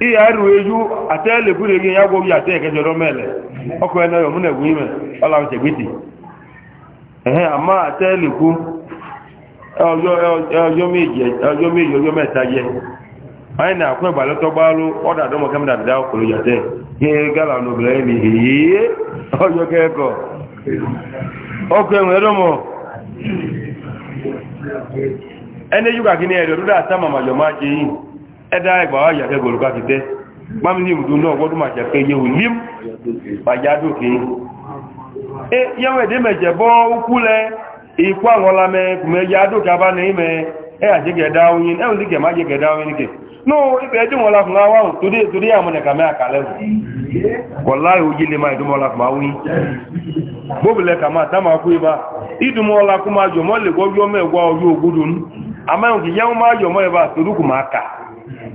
ihe arụ eju atele buru gị ya gwọ gị ate eke jọrọ mele ọkụ ya yo mụna egwu ime ọla nche gbiti ehe ama atele kwu ọjọ meji ọjọ mẹta jẹ anyị na-akwụ ịgbalịta ọgbalụ ọda maka mda dada ọkụrụ jate ihe gala n'obere ihe ọkụ enwere ẹni na-ere ọdụdụ ata mama jọma jẹ yìí ẹ̀dá ẹgbà wá yàtẹ̀ gòlùkà ti tẹ́ mámi ní ìrùdó náà gbọ́dún máa jẹ́kẹ́ yẹ̀wò lim pàjádòkè yẹ́wò èdè mẹ̀jẹ̀ bọ́ ókú lẹ ikú àwọn ọlámẹ́ kùmẹ̀ yádòkè abánẹ́ìmẹ́ ẹ̀ àjẹ́gẹ̀ẹ́dá oyin ẹ̀ òsìkẹ̀ má jẹ́gẹ̀ẹ́dá oyin nìkẹ̀ no ibẹ̀ ẹ̀dùn wọn láfún wọ́n máa ìdúnmọ́ láfún ẹ̀bá torúkù máa kà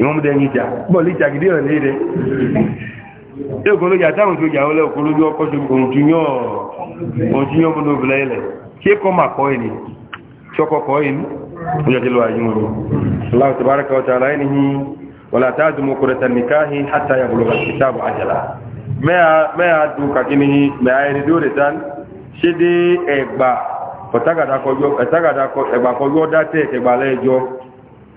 ìwọ́n dẹ̀ ní ìjà bọ́ lè jà gidi ọ̀lẹ́ rẹ̀ ẹgbọ́n ló jà táwọn tó jà ó lẹ́ọ̀kọ́ lójú ọkọ́ tó kò tún yán ọmọdé obìnrin ilẹ̀ kí ẹkọ́ mà kọ́ ẹni ṣọ́kọ́ kọ́ ẹni ó jẹ́ lọ ayé wọn láti bára kọ́ ni mẹ́à ẹni dó rẹ̀ tán ṣé dé ẹgbà ọ̀tàgàdà kọjọ́ ẹgbà kọjọ́ dá tẹ̀ ẹgbà lẹ́ẹ̀jọ́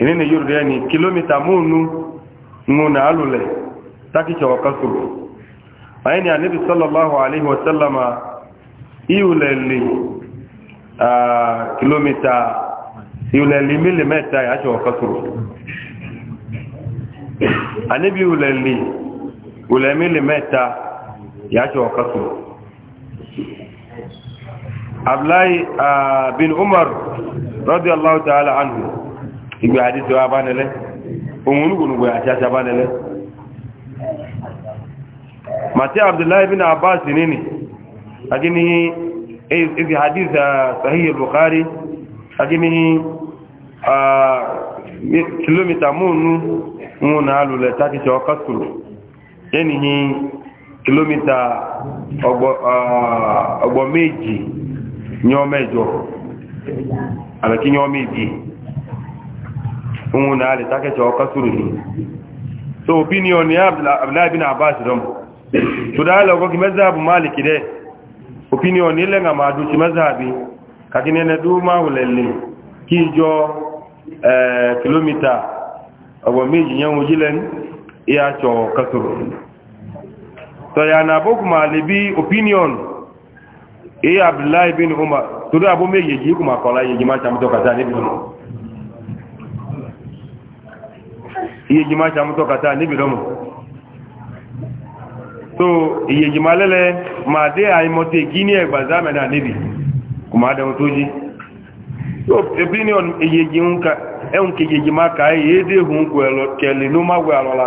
ìrìnà yóò rẹ̀ ní kìlómítà múnú múnà alùlẹ̀ takíṣẹ́ ọ̀kásùrù ayé ni àníbi sallallahu alaihi wasallama ìhùlẹ̀lẹ̀ kìlómítà ìhùlẹ̀lẹ̀ mílímẹ́ta yàṣẹ́ ọ̀kásùrù àníbi ìhùlẹ̀lẹ̀ ìhùlẹ̀ mílímẹ́ta yàṣẹ́ ọ̀kásùrù abdullahi bin umar rọ́dí aláwọ̀ tí a lọ àánú ìgbà àdìsí wa bá nílẹ̀ òun olúgbònúgbò àti àṣà bá nílẹ̀ màtí abdullahi bin abbas nínú agini izi hadith sahih al-bukhari agini uh, kilomita múnú mún náà lulẹ̀ tàbí ṣe kilomita ọgbọ̀ uh, méjì ní ọmọ ìjọ Alakinyo yawon mebi ohun na ali take cewa kasuru ne so opinion ya abdullahi bin abbas don to da ala gogi mazhabu maliki de opinion ni lenga ma du ci mazhabi ka gine na du ma wulelle ki jo eh kilometer obo meji yan wujilen iya cho kasuru to ya na boku malibi opinion ee abdullahi bin umar torí abó méje yìí kò máa kọ́lá yìí máa ṣàmútọ́ kàtà níbi lọ́mọ yìí máa ṣàmútọ́ kàtà níbi lọ́mọ so yìí máa lẹ́lẹ́ máa dé àìmọ́tẹ́ kí ní ẹgbà zámẹ́dà níbi kò máa dẹ̀hun jí so ebi ní yìí ẹ̀hún kejì máa kàá yìí dé hun kẹlẹ̀ ló máa wẹ̀ àlọ́lá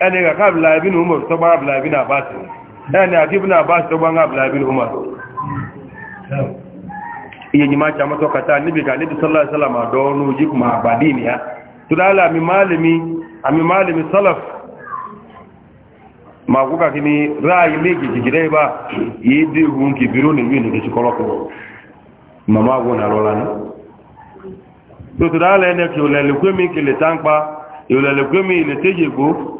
ẹni kàkà abdullahi bin umar tó gbá abdullahi bin abbas ẹni àti ibn abbas tó gbá abdullahi bin umar iye yìí máa jàmọ́ tọ́kàtà níbi ga níbi sallallahu alaihi wasallam àdọ́ọ̀nù yìí kùmà àgbàdì nìyà tó dáálà àmì máàlìmí salaf ma kúkà kí ni ráàyí méjì jìgìrẹ́ bá yìí dé ohun kì bíró nìyí nìyí sí kọ́lọ́kọ́ màmá wọn nà ò lẹ̀lẹ̀kú mi kì lè tánpa ìrọ̀lẹ̀kú mi lè téjègbó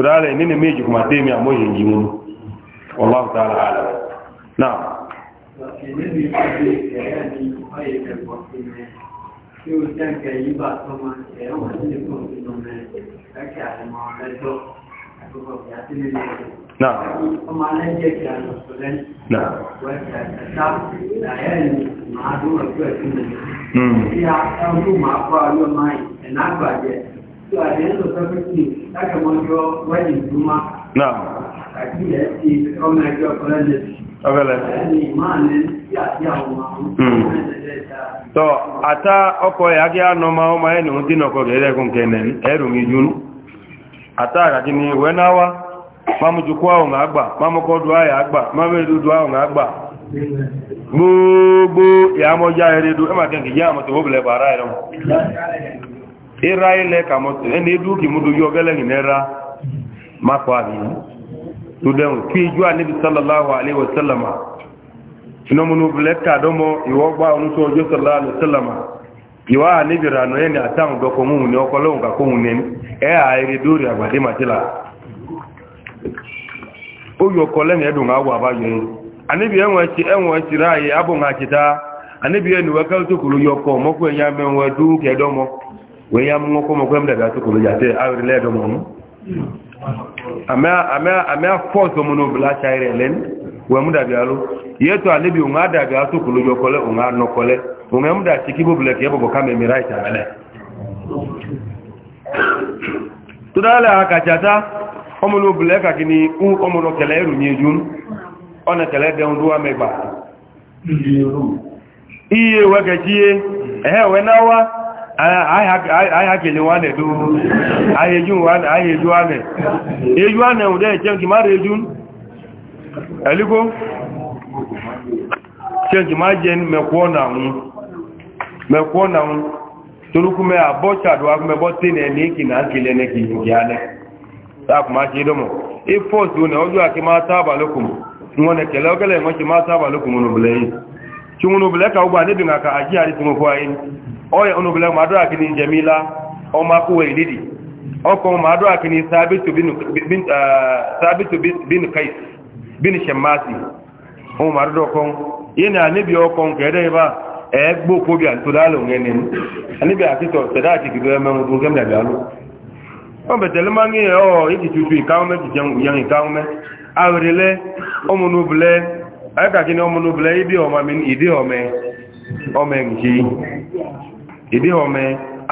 turare nini meji kuma demi amo Tí ó jẹ́ yìí bá tó máa ẹ̀wọ̀n Náà. Ọmọ alẹ́jẹ́ kí a lọ sọ́lẹ́. Náà. Wọ́n ti àtẹ́sá, ìdáyẹ̀ ni màá dúró ẹ̀kọ́ ẹ̀kọ́ ìlú. Tí a ẹ̀rù to at the end of everything, that among your wedding Juma. Now. Àkíyẹ̀ ti ọmọ ẹgbẹ́ ọkùnrin lè fi. Ọ̀rẹ́lẹ̀. Ẹni máa ní sí àti àwọn ọmọ hmm. Tọ́ àtá ọkọ̀ ẹ̀ agí ànọ́mà ọmọ ẹni ohun dínà ọkọ̀ rẹ̀ ẹ̀kùn kẹ̀ẹ̀nẹ̀ ẹ̀rùn ìjúnú. Àtá àràjí ni wẹ́náwá, mámújukú àwọn àgbà, mámúkọ́ duáyà àgbà, mámúdúdú àwọn àgbà. Gbogbo ìyàmọ́já ẹ̀rẹ́dú, ẹ ịra ile ka mo eni du ki mudu gị gele ni na ma kwa ni tu den ki ju anabi sallallahu alaihi wasallam no munu bleka iwo gba onu so jo sallallahu alaihi iwa anabi ranu eni atam ko mu ni okolo nga ko e a dori duri agbade matila o yo kole na edun awu abaye enwe du wee ya mụnwụ kwụ mgbe m dabịa tụkwuru ya tee awụrịla ebe mụnụ amịa fọs omume obula achaghịrị ele wee mụ dabịa alụ ihe tụ alebi onwe adabịa tụkwuru ya okole onwe anọkole onwe m dachi ka ha ka gị kele erunye ọ na-ekele dị ihe anyị hakele nwane do anyị eju nwane eju nwane ụdị eche nke mara eju eligo che nke ma je mekwuo na nwụ mekwuo na nwụ torukume abọchadu agụmebọ tene na eki na nkele na eki nke ane takwumachi idomo ifọs na ojú akimata abalokum na ekele ogele enwechi mata abalokum n'obele yi ci wọn obìnrin ka ugbà níbi nǹkan àjí àrísìnwò fún ayé ọyẹ onobìnrin màdúrà kí ni jẹmílá ọmọ akúwẹ̀ ìlédì ọkọ̀ màdúrà kí ni sábẹ́tò bínú kais bínú ṣẹmáàsì ohun màdúrà ọkọ̀ yìí na níbi ọkọ̀ kẹ́ẹ̀dẹ́ ibá ẹgbó kóbi àtúndálò ngẹ́ni ayẹ́kàkí ni ọmọ lóbìlẹ̀ ìdí ọmọ mi ìdí ọmọ ọmọ ẹ̀kì ìdí ọmọ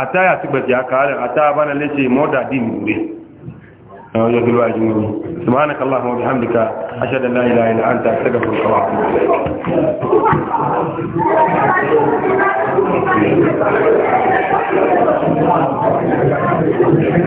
àtàyà tí gbẹ̀tẹ̀ àkàárẹ̀ àtàyà bá nílé ṣe mọ́dà dì nìgbẹ̀ ọjọ́gbẹ̀lú àjúmọ̀ subhanakallahumma wa bihamdika ashhadu an la ilaha illa anta astaghfiruka wa atubu ilayk